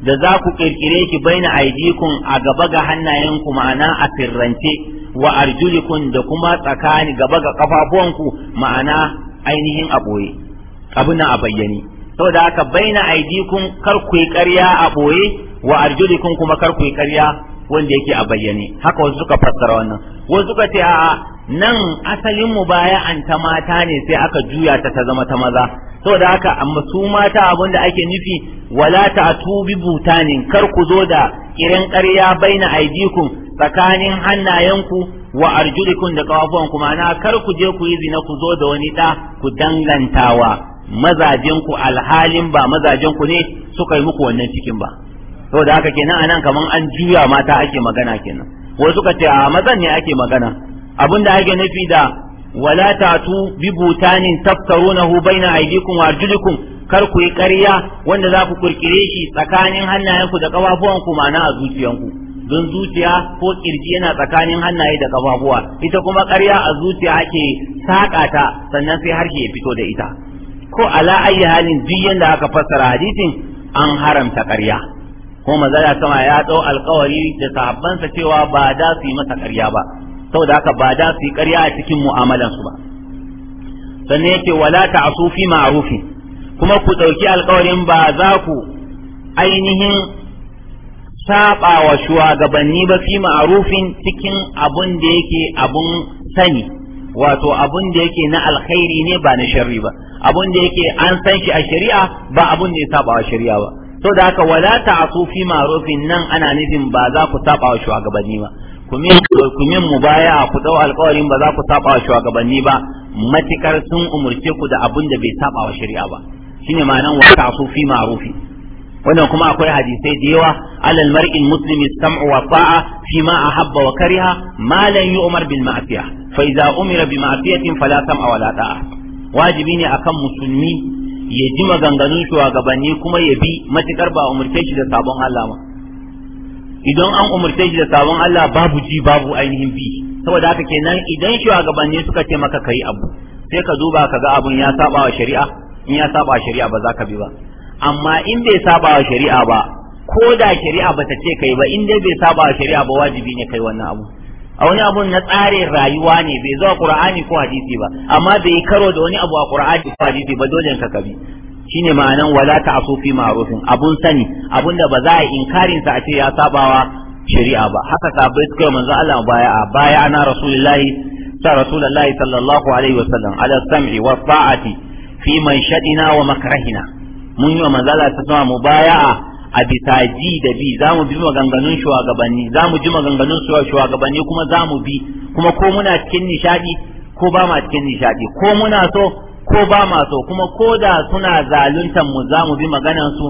da za ku kirkire ki baina aidikum a gaba ga hannayenku ma'ana a sirrance wa arjulikum da kuma tsakani gaba ga kafafuwanku ma'ana ainihin a ɓoye abin a bayyane saboda haka baina aidikum kar ku yi ƙarya a boye wa arjulikum kuma kar ku yi ƙarya wanda yake a bayyane haka wasu suka fassara wannan wasu suka ce a nan asalin an ta mata ne sai aka juya ta ta zama ta maza saboda haka amma su mata abin da ake nufi wala ta'tu bi butanin kar ku zo da kiran ƙarya baina aidikum tsakanin hannayenku wa arjulikum da kafafuwan kuma na kar ku je ku yi zina ku zo da wani ɗa ku dangantawa mazajen ku alhalin ba mazajen ku ne suka yi muku wannan cikin ba saboda haka kenan anan kaman an juya mata ake magana kenan wasu suka ce a mazan ne ake magana abinda ake nufi da wala tatu bi butanin taftarunahu baina aydikum wa arjulikum kar ku yi ƙarya wanda za ku kurkire shi tsakanin hannayenku da ƙafafuwanku ma'ana a zuciyanku don zuciya ko kirji yana tsakanin hannaye da ƙafafuwa ita kuma ƙarya a zuciya ake saƙa ta sannan sai harshe ya fito da ita ko ala ayi halin duk yanda aka fassara hadisin an haramta ƙarya ko manzala sama ya dau alƙawari da sahabbansa cewa ba da su yi masa ƙarya ba saboda haka ba da su yi ƙarya a cikin mu'amalansu ba sannan yake wala ta'su fi ma'rufin kuma ku ɗauki alƙawarin ba za ku ainihin saɓa wa shugabanni ba fi ma'arufin cikin abun da yake abun sani wato abun da yake na alkhairi ne ba na sharri ba abun da yake an san shi a shari'a ba abun da ya saba wa shari'a ba to da haka wala ta'tu fi ma'rufin nan ana nufin ba za ku saba wa shugabanni ba ku min mubaya'a ku dau alƙawarin ba za ku saba wa shugabanni ba matikar sun umurce ku da abun da bai saba wa shari'a ba shine ma'anan wa ta'tu fi ma'rufi wannan kuma akwai hadisai da yawa alal mar'in muslimi sam'u wa ta'a fi ma ahabba wa kariha ma lan yu'mar bil ma'siyah fa idza umira bi ma'siyatin fala sam'a wa la ta'a wajibi ne akan musulmi ya ji maganganun shugabanni kuma ya bi matukar ba umurce shi da sabon Allah ba idan an umurce shi da sabon Allah babu ji babu ainihin bi saboda haka kenan idan shugabanni suka ce maka kai abu sai ka duba ka ga abun ya saba wa shari'a in ya saba shari'a ba za ka bi ba amma in bai saba wa shari'a ba ko da shari'a bata ce kai ba in dai bai saba wa shari'a ba wajibi ne kai wannan abu a wani abun na tsarin rayuwa ne bai zuwa qur'ani ko hadisi ba amma bai karo da wani abu a qur'ani ko hadisi ba dole ka kabi shine ma'anan wala ta'su fi ma'rufin abun sani abun da ba za a inkarin sa a ce ya sabawa shari'a ba haka sabai suka manzo Allah baya a baya ana rasulullahi sa rasulullahi sallallahu alaihi wasallam ala sam'i wa ta'ati fi man shadina wa makrahina mun yi wa manzala ta sama mu baya a bisa ji da bi za mu bi maganganun shugabanni za mu ji maganganun shugabanni kuma za mu bi kuma ko muna cikin nishadi ko ba ma cikin nishadi ko muna so ko ba ma so kuma ko da suna zaluntan mu za mu bi maganan su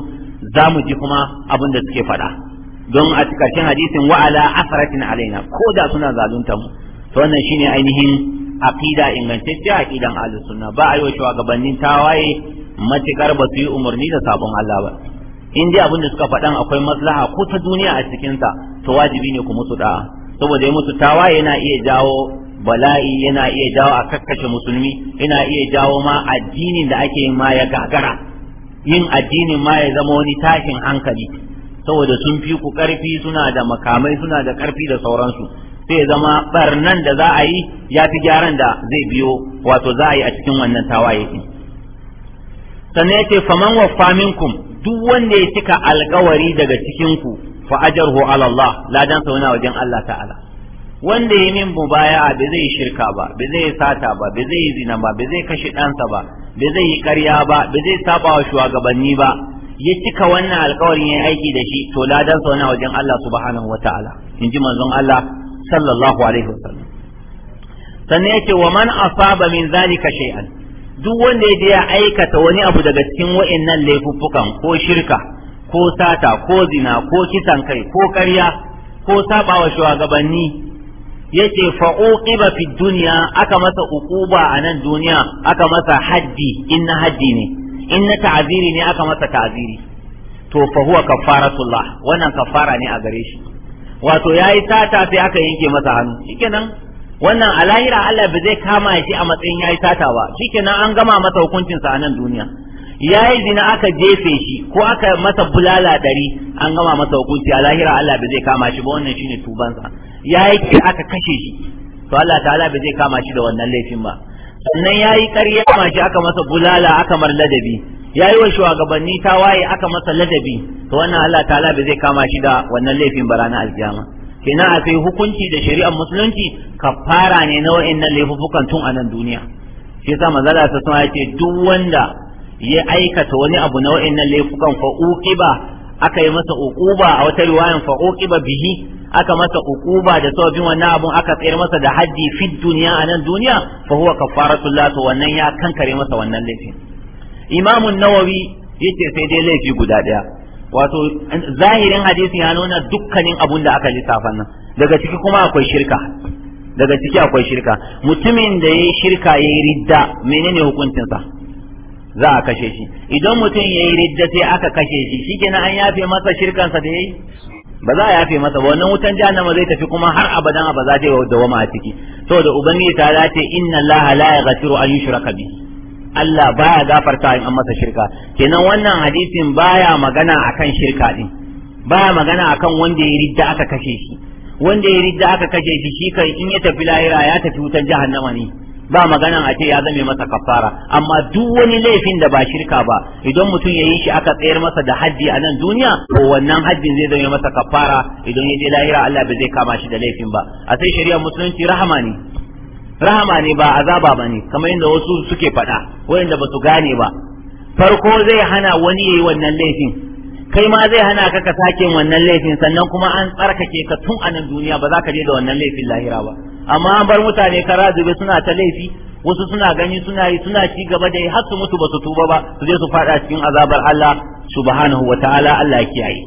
za mu ji kuma abin da suke faɗa don a cikin hadisin wa'ala asratin alaina ko da suna zaluntan mu to wannan shine ainihin aqida ingantacciya aqidan ahlus sunna ba a shugabannin tawaye matikar ba su yi umarni da sabon Allah ba in dai abin da suka faɗan akwai maslaha ko ta duniya a cikinsa to wajibi ne ku musu da'a saboda ya musu tawa yana iya jawo bala'i yana iya jawo a kakkace musulmi yana iya jawo ma addinin da ake yin ma ya gagara yin addinin ma ya zama wani tashin hankali saboda sun fi ku ƙarfi suna da makamai suna da ƙarfi da sauransu sai ya zama barnan da za a yi ya fi gyaran da zai biyo wato za a yi a cikin wannan tawaye ɗin sannan yace faman wa minkum duk wanda ya cika alkawari daga cikin ku fa ajruhu ala Allah ladan sa wani wajen Allah ta'ala wanda ya min mubaya'a ba zai shirka ba ba zai sata ba ba zai zina ba ba zai kashe ɗansa ba ba zai yi ƙarya ba ba zai saba wa shugabanni ba ya cika wannan alƙawarin ya aiki da shi to ladan sa wani wajen Allah subhanahu wataala in ji manzon Allah sallallahu alaihi sallam. sannan yake wa man asaba min zalika shay'an duk wanda ya ya aikata wani abu daga cikin wa'annan laifuffukan ko shirka ko sata ko zina ko kisan kai ko karya ko sabawa shugabanni yace fa uqiba fi dunya aka masa uquba a nan duniya aka masa haddi in na haddi ne in na ta'ziri ne aka masa ta'ziri to fa huwa kafaratullah wannan kafara ne a gare shi wato yayi sata sai aka yanke masa hannu shikenan wannan a lahira Allah ba zai kama shi a matsayin yayi sata ba shikenan an gama masa hukuncinsa sa a nan duniya yayi zina aka jefe shi ko aka masa bulala dari an gama masa hukunci a lahira Allah ba zai kama shi ba wannan shine tubansa. yayi ki aka kashe shi to Allah ta'ala ba zai kama shi da wannan laifin ba sannan yayi ƙarya ma shi aka masa bulala aka mar ladabi ya yi wa shugabanni ta waye aka masa ladabi to wannan Allah ta'ala ba zai kama shi da wannan laifin barana aljama kenan a sai hukunci da shari'ar musulunci kafara ne na wa'annan laifukan tun a nan duniya shi yasa manzala ta sama ce duk wanda ya aikata wani abu na wa'annan laifukan fa uqiba aka yi masa uquba a wata riwayan fa uqiba bihi aka masa uquba da sabbin wannan abun aka tsayar masa da haddi fi duniya a nan duniya fa huwa kafaratul lat wannan ya kankare masa wannan laifin imamun nawawi yace sai dai laifi guda daya wato zahirin hadisi ya nuna dukkanin abun da aka lissafa nan daga ciki kuma akwai shirka daga ciki akwai shirka mutumin da yayi shirka yayi ridda menene hukuncinsa za a kashe shi idan mutum yayi ridda sai aka kashe shi kenan an yafe masa shirkansa da yayi ba za a yafe masa ba wannan wutan jahannama zai tafi kuma har abadan abada zai da wama a ciki saboda ubangiji ta dace inna allaha la yaghfiru an yushraka bihi Allah baya gafarta in an masa shirka kenan wannan hadisin baya magana akan shirka din baya magana akan wanda ya ridda aka kashe shi wanda ya ridda aka kashe shi shi kan in ya tafi lahira ya tafi wutar jahannama ne ba magana a ce ya zame masa kafara amma duk wani laifin da ba shirka ba idan mutum ya yi shi aka tsayar masa da haddi a nan duniya ko wannan haddin zai zame masa kafara idan ya je lahira Allah ba zai kama shi da laifin ba a sai shari'ar musulunci rahama ne rahama ne ba azaba ba ne kamar yadda wasu suke faɗa wayanda ba su gane ba farko zai hana wani yayi wannan laifin kai ma zai hana ka ka sake wannan laifin sannan kuma an tsarkake ka tun a nan duniya ba za ka je da wannan laifin lahira ba amma an bar mutane kara zube suna ta laifi wasu suna gani suna yi suna ci gaba da yi har su mutu ba su tuba ba su je su fada cikin azabar Allah subhanahu wa ta'ala Allah ya kiyaye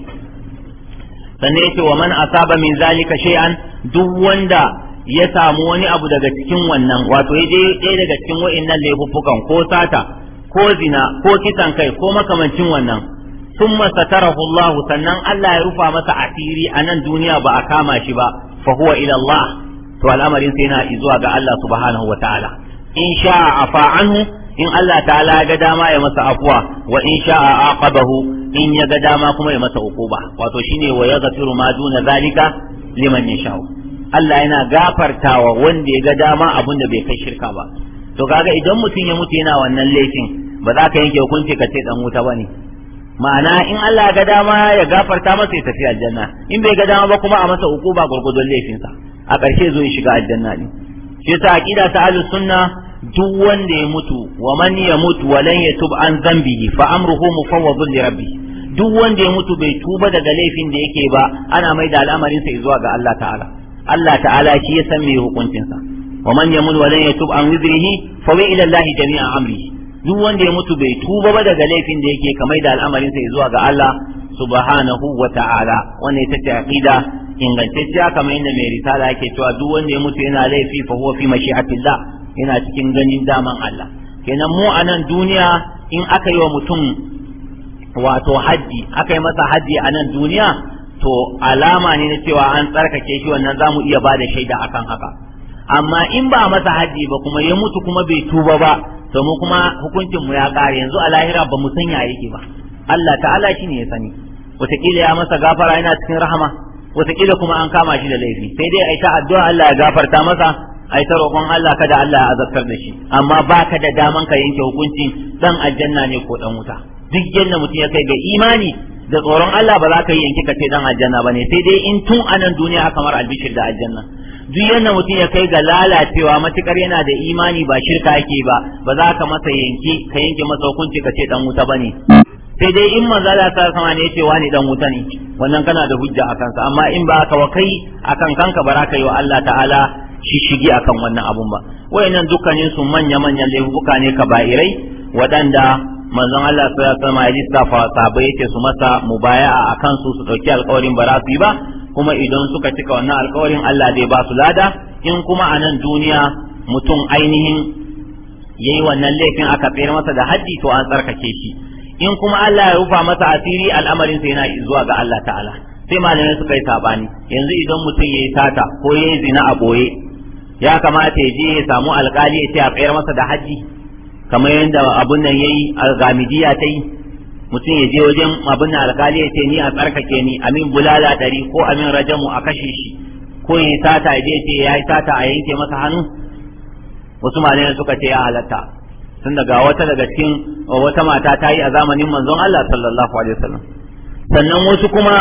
sannan yace wa man asaba min zalika shay'an duk wanda ya samu wani abu daga cikin wannan wato ya je ɗaya daga cikin wa'innan laifuffukan ko sata ko zina ko kisan kai ko makamancin wannan summa masa Allah sannan Allah ya rufa masa asiri a nan duniya ba a kama shi ba fa huwa ila Allah to al'amarin sai yana zuwa ga Allah subhanahu wa ta'ala in sha'a afa anhu in Allah ta'ala ga dama ya masa afuwa wa in sha'a aqabahu in ya ga dama kuma ya masa ba, wato shine wa yaghfiru ma duna zalika liman yasha'u Allah yana gafartawa wanda ya ga dama abun da bai kai shirka ba to kaga idan mutum ya mutu yana wannan laifin ba za ka yanke hukunci ka ce dan wuta ba ne ma'ana in Allah ga dama ya gafarta masa ya tafi aljanna in bai ga dama ba kuma a masa hukuma gurgudun laifinsa a ƙarshe zo ya shiga aljanna ne shi yasa aqida ta ahlus sunna duk wanda ya mutu wa man yamutu wa lan yatub an zambihi fa amruhu mufawwadun li rabbi duk wanda ya mutu bai tuba daga laifin da yake ba ana mai da al'amarin sa zuwa ga Allah ta'ala Allah ta'ala shi ya san me hukuncinsa wa man yamut wa lan yatub an wizrihi fa ila Allah jami'a amri duk wanda ya mutu bai tuba ba daga laifin da yake kamar da al'amarin sa zuwa ga Allah subhanahu wa ta'ala wannan ita ce aqida ingantacciya kamar inda mai risala yake cewa duk wanda ya mutu yana laifi fa huwa fi mashi'atillah yana cikin ganin daman Allah kenan mu a nan duniya in aka yi wa mutum wato hajji aka yi masa haddi a nan duniya to alama ne na cewa an tsarkake shi wannan zamu iya ba da shaida akan haka amma in ba masa haji ba kuma ya mutu kuma bai tuba ba to mu kuma hukuncin mu ya kare yanzu a lahira ba mu san ya yake ba Allah ta'ala shi ne ya sani wataƙila ya masa gafara yana cikin rahama wataƙila kuma an kama shi da laifi sai dai ai ta addu'a Allah ya gafarta masa ai ta roƙon Allah kada Allah ya azabtar da shi amma baka da daman ka yanke hukunci dan aljanna ne ko dan wuta duk yanda mutum ya kai ga imani da tsoron Allah ba za ka yi yanki ka ce dan aljanna bane sai dai in tun anan duniya kamar albishir da aljanna duk yadda mutum ya kai ga lalacewa matukar yana da imani ba shirka yake ba ba za ka masa yanki ka yanke masa hukunci ka ce dan wuta bane sai dai in manzala ta sama ne ce wani dan wuta ne wannan kana da hujja a kansa amma in ba ka wa kai akan kanka ba za ka yi wa Allah ta'ala shishigi akan wannan abun ba wayannan dukkanin su manya manyan laifuka ne kaba'irai waɗanda manzon Allah sai sama ya lissafa sahabbai yace su masa mubaya'a akan su su dauki alƙawarin ba su yi ba kuma idan suka cika wannan alƙawarin Allah zai ba su lada in kuma a nan duniya mutum ainihin yayi wannan laifin aka tsere masa da haddi to an tsarkake shi in kuma Allah ya rufa masa asiri al'amarin sai yana zuwa ga Allah ta'ala sai malamai suka yi sabani yanzu idan mutum yayi sata ko yayi zina a boye ya kamata ya je ya samu alƙali ya ce a tsayar masa da haddi kamar yadda abun nan yayi algamidiya ta yi mutum ya je wajen abun nan alkali ya ce ni a tsarkake ni amin bulala ɗari ko amin rajamu a kashe shi ko ya sata ya je ce ya sata a yanke masa hannu wasu malamai suka ce ya halatta tun daga wata daga cikin wata mata ta yi a zamanin manzon Allah sallallahu alaihi wasallam sannan wasu kuma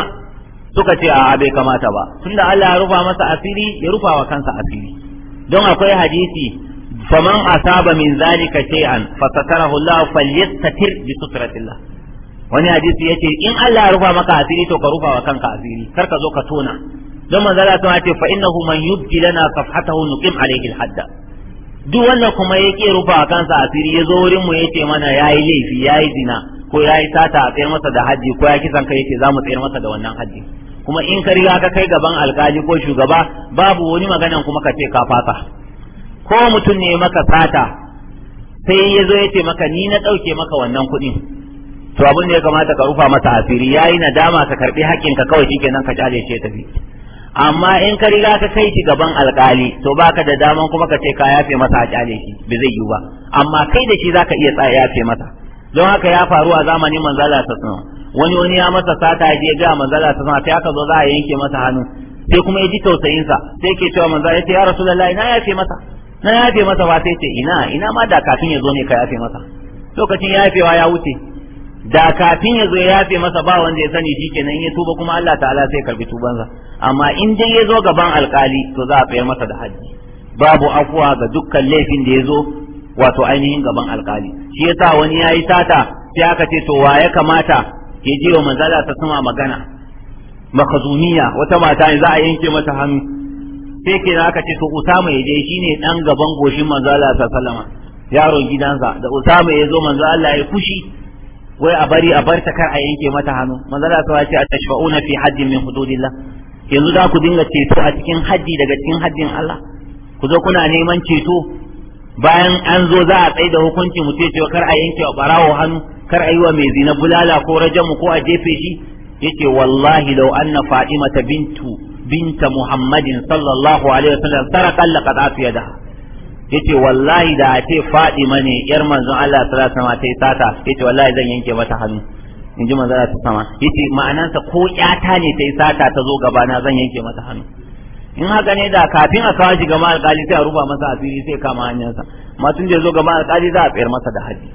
suka ce a bai kamata ba tunda Allah ya rufa masa asiri ya rufa wa kansa asiri don akwai hadisi faman asaba min zalika shay'an fa satarahu Allah falyastatir bi wani hadisi yace in Allah ya rufa maka asiri to ka rufa wa kanka asiri kar ka zo ka tona don manzala ta ce fa innahu man yubdi lana safhatahu nuqim alayhi hadda duk wanda kuma ya ke rufa kansa asiri ya zo wurin mu yace mana yayi laifi yayi zina ko yayi sata a tsayar masa da haji ko ya kisan kai yace zamu tsayar masa da wannan haji kuma in ka riga ka kai gaban alkali ko shugaba babu wani maganan kuma ka ce ka fasa ko mutum ne maka sata sai ya zo ya ce maka ni na ɗauke maka wannan kuɗin to abin da ya kamata ka rufa masa asiri ya yi nadama ka karɓi ka kawai kike nan ka kyale shi tafi amma in ka riga ka kai shi gaban alƙali to baka da daman kuma ka ce ka yafe masa a kyale shi bai zai yiwu ba amma kai da shi zaka iya tsaya yafe masa don haka ya faru a zamanin manzala ta wani wani ya masa sata ya je ga manzala ta sai aka zo za a yanke masa hannu sai kuma ya ji tausayinsa sai ke cewa manzala ya ce ya rasulullahi na yafe masa na yafe masa ba sai ce ina ina ma da kafin ya zo ne ka yafe masa lokacin yafewa ya wuce da kafin ya zo ya yafe masa ba wanda ya sani shi kenan ya tuba kuma Allah ta'ala sai karbi tubansa amma in dai ya zo gaban alkali to za a tsayar masa da haji babu afuwa ga dukkan laifin da ya zo wato ainihin gaban alkali shi yasa wani ya yi sata sai aka ce to wa ya kamata ya je wa manzala ta suma magana makazuniya wata mata ne za a yanke mata hannu sai ke aka ce to Usama ya je shine dan gaban goshin manzo Allah sallallahu yaron gidansa da Usama ya zo manzo Allah ya kushi wai a bari a bar ta kar a yanke mata hannu manzo Allah ta ce atashfauna fi haddin min hududillah yanzu za ku dinga ceto a cikin haddi daga cikin haddin Allah ku zo kuna neman ceto bayan an zo za a tsaye da hukunci mu ce cewa kar a yanke wa barawo hannu kar a yi wa mai zina bulala ko rajamu ko a jefe shi yace wallahi law anna fatima bintu binta muhammadin sallallahu alaihi wasallam saraka laqad afiyada yace wallahi da a ce fadima ne yar manzon Allah sallallahu alaihi wasallam ta yi sata yace wallahi zan yanke mata hannu in ji manzara ta sama yace sa ko ƴata ne ta yi sata ta zo gaba na zan yanke mata hannu in haka ne da kafin a kawo shi gama alkali sai a ruba masa asiri sai kama hanyarsa matun da ya zo gama alkali za a tsayar masa da haji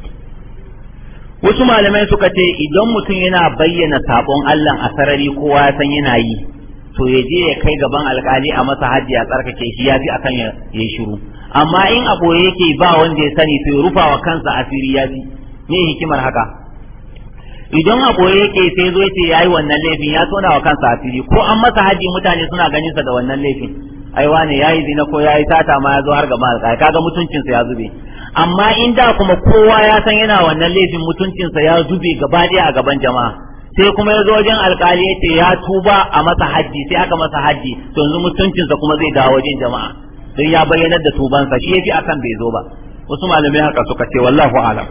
wasu malamai suka ce idan mutum yana bayyana sabon Allah a sarari kowa ya san yana yi to ya je ya kai gaban alkali a masa hajji a tsarkake shi ya fi akan ya shiru amma in a boye yake ba wanda ya sani to ya rufa wa kansa asiri ya fi me hikimar haka idan a boye yake sai zo ce ya yi wannan laifin ya tona wa kansa asiri ko an masa hajji mutane suna ganin sa da wannan laifin ai wane yi zina ko ya yi tata ma ya zo har gaban alkali kaga mutuncin ya zube amma in da kuma kowa ya san yana wannan laifin mutuncin sa ya zube gaba a gaban jama'a sai kuma ya zo wajen alkali ya ce ya tuba a masa haji sai aka masa haji to yanzu mutuncinsa kuma zai dawo wajen jama'a don ya bayyanar da tubansa shi yafi akan bai zo ba wasu malamai haka suka ce wallahu alam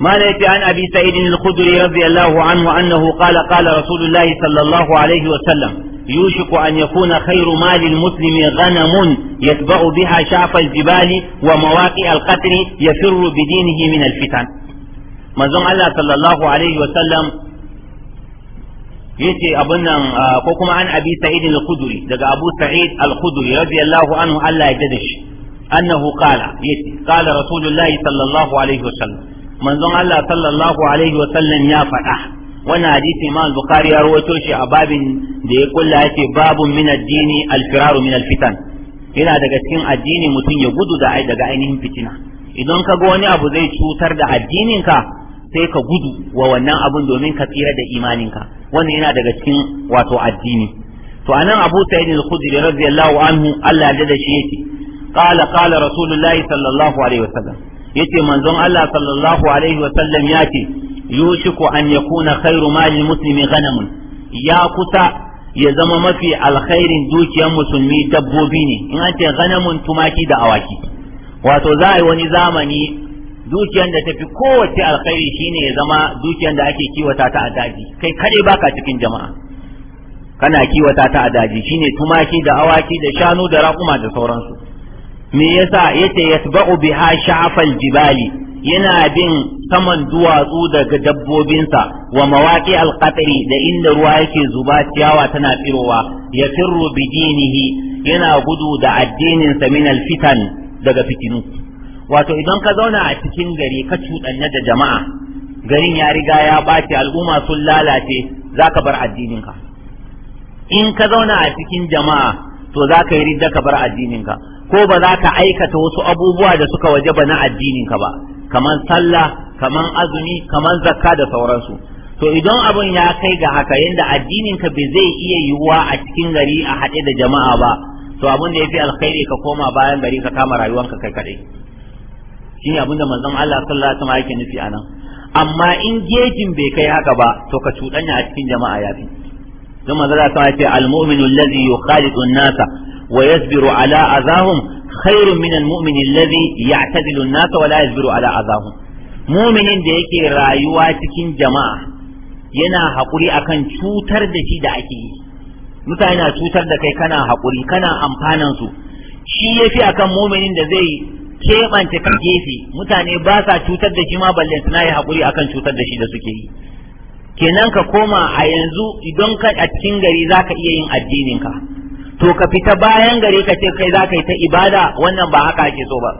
ما نأتي عن أبي سعيد الخدري رضي الله عنه أنه قال قال رسول الله صلى الله عليه وسلم يوشك أن يكون خير مال المسلم غنم يتبع بها شعف الجبال ومواقع القتل يفر بدينه من الفتن manzon Allah sallallahu alaihi wa sallam yace abun nan ko kuma an abi sa'id al-khudri daga abu sa'id al-khudri radiyallahu anhu Allah ya jada shi annahu qala yace qala rasulullah sallallahu alaihi wa sallam manzon Allah sallallahu alaihi wa sallam ya faɗa wannan hadisi Imam Bukhari ya rawaito shi a babin da ya kulla yace babun min ad-dini al-firaru min al-fitan yana daga cikin addini mutum ya gudu da daga ainihin fitina idan ka ga wani abu zai cutar da addininka sai ka gudu wa wannan abun domin ka tsira da imaninka wannan yana daga cikin wato addini to anan Abu Sa'id al-Khudri radiyallahu anhu Allah ya da shi yake qala qala rasulullahi sallallahu alaihi wasallam yace manzon Allah sallallahu alaihi wasallam yace yushiku an yakuna khairu mali muslimi ghanamun ya kusa ya zama mafi alkhairin dukiyar musulmi dabbobi ne in an ce ghanamun tumaki da awaki wato za a yi wani zamani dukiyar da tafi kowace alkhairi shine ya zama dukiyar da ake kiwata ta a daji kai kare baka cikin jama'a kana kiwata ta a daji shine tumaki da awaki da shanu da raƙuma da sauransu me yasa yace yasba'u biha Shafal jibali yana bin saman duwatsu daga dabbobinsa wa mawaki alqatri da inda ruwa yake zuba ciyawa tana tsirowa ya firru bijinihi yana gudu da addinin sa min alfitan daga fitinu wato idan ka zauna a cikin gari ka cuɗanya da jama'a garin ya riga ya ɓaci al'umma sun lalace za ka bar addininka in ka zauna a cikin jama'a to za ka yi ridda ka bar addininka ko ba za ka aikata wasu abubuwa da suka waje ba na addininka ba kamar sallah kamar azumi kamar zakka da sauransu to idan abin ya kai ga haka yadda addininka bai zai iya yiwuwa a cikin gari a haɗe da jama'a ba to abin da ya fi alkhairi ka koma bayan gari ka kama rayuwanka kai kaɗai shine abinda manzon Allah sallallahu alaihi wasallam yake nufi anan amma in gejin bai kai haka ba to ka cuɗanya a cikin jama'a yafi don manzon Allah sallallahu alaihi wasallam ce al-mu'minu alladhi yukhalidu an-nasa wa yasbiru ala azahum khairun min al-mu'min alladhi ya'tadilu an-nasa wa la yasbiru ala azahum mu'minin da yake rayuwa cikin jama'a yana haƙuri akan cutar da shi da ake yi mutane na cutar da kai kana haƙuri kana amfanan su shi yafi akan mu'minin da zai keɓance kan gefe mutane ba sa cutar da shi ma balle suna yi haƙuri akan cutar da shi da suke yi kenan ka koma a yanzu idan ka a cikin gari za ka iya yin addinin ka to ka fita bayan gari ka ce kai za ka yi ta ibada wannan ba haka ake so ba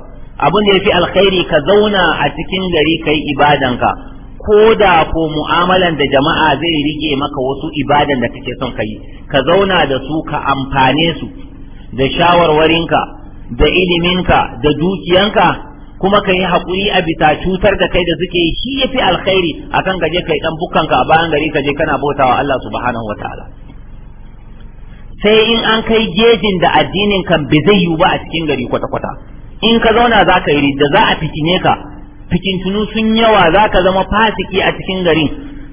abin da ya fi alkhairi ka zauna a cikin gari ka yi ka ko da ko mu'amalan da jama'a zai rike maka wasu ibadan da kake son ka yi ka zauna da su ka amfane su da shawarwarinka da iliminka da dukiyanka kuma ka yi haƙuri a bisa cutar da kai da suke yi shi ya fi alkhairi a kan gaje kai ɗan bukanka a bayan gari ka je kana bautawa Allah subhanahu wa ta'ala sai in an kai gejin da addinin kan bai zai yiwu ba a cikin gari kwata-kwata in ka zauna za ka yi da za a fitine ka tunu sun yawa za ka zama fasiki a cikin garin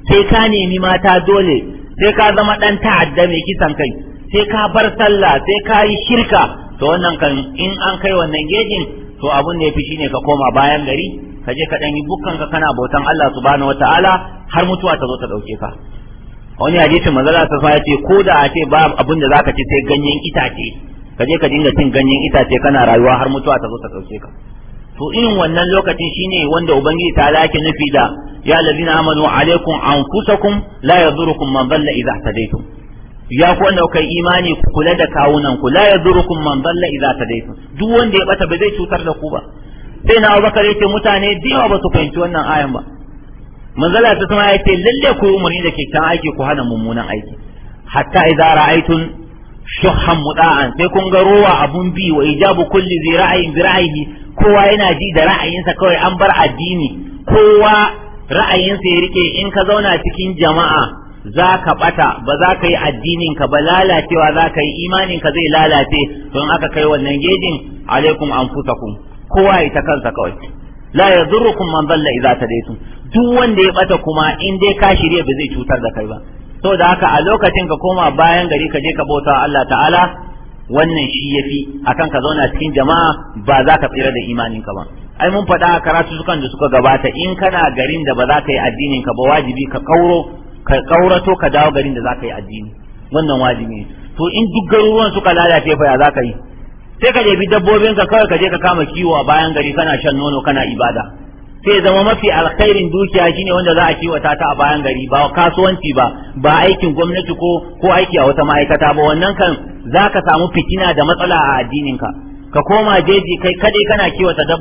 sai ka nemi mata dole sai ka zama ɗan ta'adda mai kisan kai sai ka bar sallah sai ka yi shirka to wannan kan in an kai wannan gejin to abun da yafi shine ka koma bayan gari ka je ka dan yi bukkan ka kana bautan Allah subhanahu wataala har mutuwa ta zo ta dauke ka wani hadisi manzala ta ya ce ko da a ce ba abin da zaka ci sai ganyen itace ka je ka dinga cin ganyen itace kana rayuwa har mutuwa ta zo ta dauke ka to irin wannan lokacin shine wanda ubangiji ta lake nufi da ya allazina amanu alaikum anfusakum la yadurukum man dalla idza hadaytum ya ku wanda kuka yi imani ku kula da kawunan ku la yadurukum man dalla idza tadaytum duk wanda ya bata ba zai cutar da ku ba sai na Abubakar yace mutane da yawa ba su fahimci wannan ayan ba manzala ta sama yace lalle ku yi umarni da kan aiki ku hana mummunan aiki hatta idza ra'aytum shuhhan muda'an sai kun ga ruwa abun bi wa ijabu kulli zi ra'ayin bi ra'ayi kowa yana ji da ra'ayinsa kawai an bar addini kowa ra'ayinsa ya rike in ka zauna cikin jama'a za ka bata ba za ka yi addinin ka ba lalacewa za ka yi imanin ka zai lalace don aka kai wannan gejin alaikum anfusakum kowa ita kansa kawai la kun man dalla idza tadaytum duk wanda ya bata kuma in dai ka shirya ba zai cutar da kai ba da haka a lokacin ka koma bayan gari ka je ka bauta Allah ta'ala wannan shi yafi akan ka zauna cikin jama'a ba za ka tsira da imaninka ba ai mun faɗa a karatu sukan da suka gabata in kana garin da ba za ka yi addinin ka ba wajibi ka kauro ka kaurato ka dawo garin da zaka yi addini wannan wajibi ne to in duk garuruwan suka lalace fa ya zaka yi sai ka bi dabbobin ka kawai ka je ka kama kiwo a bayan gari kana shan nono kana ibada sai zama mafi alkhairin dukiya shine wanda za a kiwata ta a bayan gari ba kasuwanci ba ba aikin gwamnati ko ko aiki a wata ma'aikata ba wannan kan zaka samu fitina da matsala a addinin ka ka koma jeji kai kadai kana kiwata ka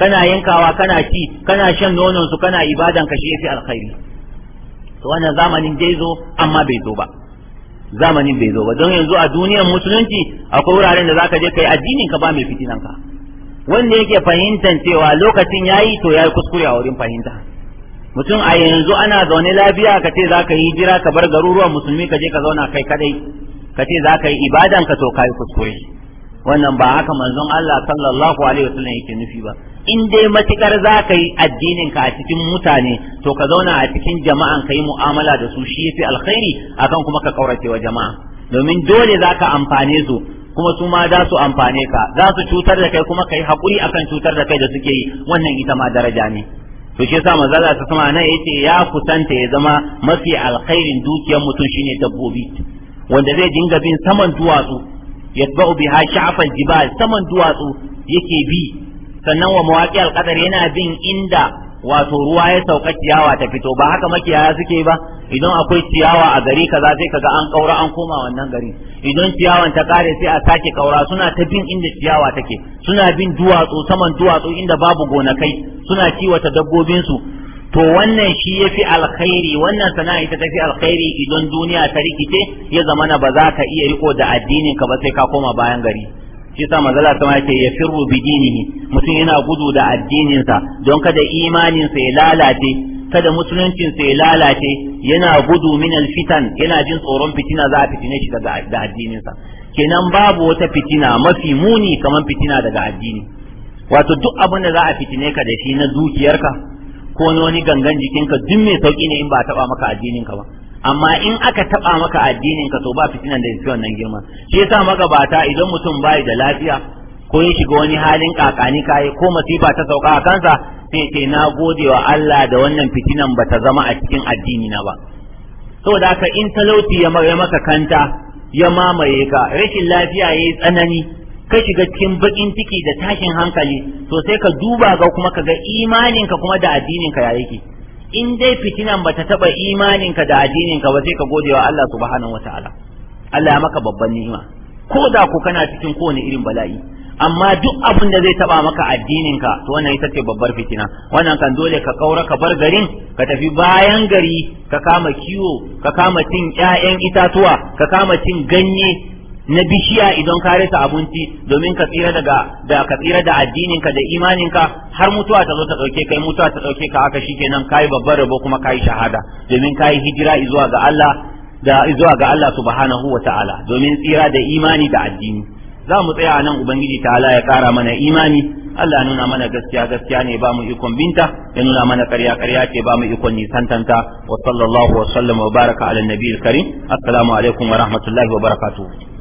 kana yankawa kana ci kana shan nonon su kana ibadan ka shi yafi alkhairi to wannan zamanin zo amma bai zo ba zamanin bai zo ba don yanzu a duniyar musulunci akwai wuraren da zaka je kai addinin ka ba mai fitinan ka wanda yake fahimtar cewa lokacin yayi to yayi kuskure a wurin fahimta mutum a yanzu ana zaune lafiya ka ce zaka yi hijira ka bar garuruwan musulmi ka je ka zauna kai kadai ka ce zaka yi ibadan ka to kai kuskure wannan ba haka manzon Allah sallallahu alaihi wasallam yake nufi ba in dai matukar za ka yi addinin ka a cikin mutane to ka zauna a cikin jama'an ka yi mu'amala da su shi yafi alkhairi akan kuma ka kaurace wa jama'a domin dole za ka amfane su kuma su ma za su amfane ka za su cutar da kai kuma ka yi hakuri akan cutar da kai da suke yi wannan ita ma daraja ne to shi yasa manzo Allah sama nan yace ya kusanta ya zama mafi alkhairin dukiyar mutum shine dabbobi wanda zai dinga bin saman duwatsu yatba'u biha sha'fal jibal saman duwatsu yake bi sannan wa mawaƙi alƙadar yana bin inda wato ruwa ya sauka ciyawa ta fito ba haka makiyaya suke ba idan akwai ciyawa a gari kaza sai ga an kaura an koma wannan gari idan ciyawan ta kare sai a sake kaura suna ta bin inda ciyawa take suna bin duwatsu saman duwatsu inda babu gonakai suna kiwata dabbobin su to wannan shi yafi alkhairi wannan sana'a ita ta fi alkhairi idan duniya ta rikice ya zamana ba za ka iya riko da addinin ka ba sai ka koma bayan gari shi sa sama yake ya firru bi dinihi mutum yana gudu da addininsa don kada imaninsa ya lalace kada musuluncinsa ya lalace yana gudu min alfitan yana jin tsoron fitina za a fitine shi daga addininsa kenan babu wata fitina mafi muni kamar fitina daga addini wato duk abin da za a fitine ka da shi na dukiyarka ko wani gangan jikinka duk mai sauki ne in ba a taba maka addininka ba amma in aka taba maka addinin ka to ba fitinan da yake wannan girma shi yasa magabata idan mutum bai da lafiya ko ya shiga wani halin kakani kai ko masifa ta sauka a kansa sai ce na gode wa Allah da wannan fitinan bata zama a cikin addini na ba saboda haka in talauti ya maka kanta ya mamaye ka rashin lafiya yayi tsanani ka shiga cikin bakin ciki da tashin hankali to sai ka duba ga kuma ka ga imaninka kuma da addinin ka ya yake in dai fitinan bata taba imaninka da addininka ba sai ka gode wa Allah subhanahu wataala Allah ya maka babban ni'ima ko da ku kana cikin kowane irin bala'i amma duk abin da zai taba maka addininka to wannan ita ce babbar fitina wannan kan dole ka kaura ka bar garin ka tafi bayan gari ka kama kiwo ka kama cin ƴaƴan itatuwa ka kama cin ganye na bishiya idan ka rasa abinci domin ka tsira daga da ka tsira da addininka da imaninka har mutuwa ta zo ta dauke kai mutuwa ta dauke ka haka shikenan kai babbar rabo kuma kai shahada domin kai hijira zuwa ga Allah da zuwa ga Allah subhanahu wataala domin tsira da imani da addini za mu tsaya nan ubangiji ta ya kara mana imani Allah nuna mana gaskiya gaskiya ne ba mu ikon binta ya nuna mana ƙarya ƙarya ce ba mu ikon nisantanta wa sallallahu wa sallama wa baraka ala nabiyil karim assalamu alaikum wa rahmatullahi wa barakatuh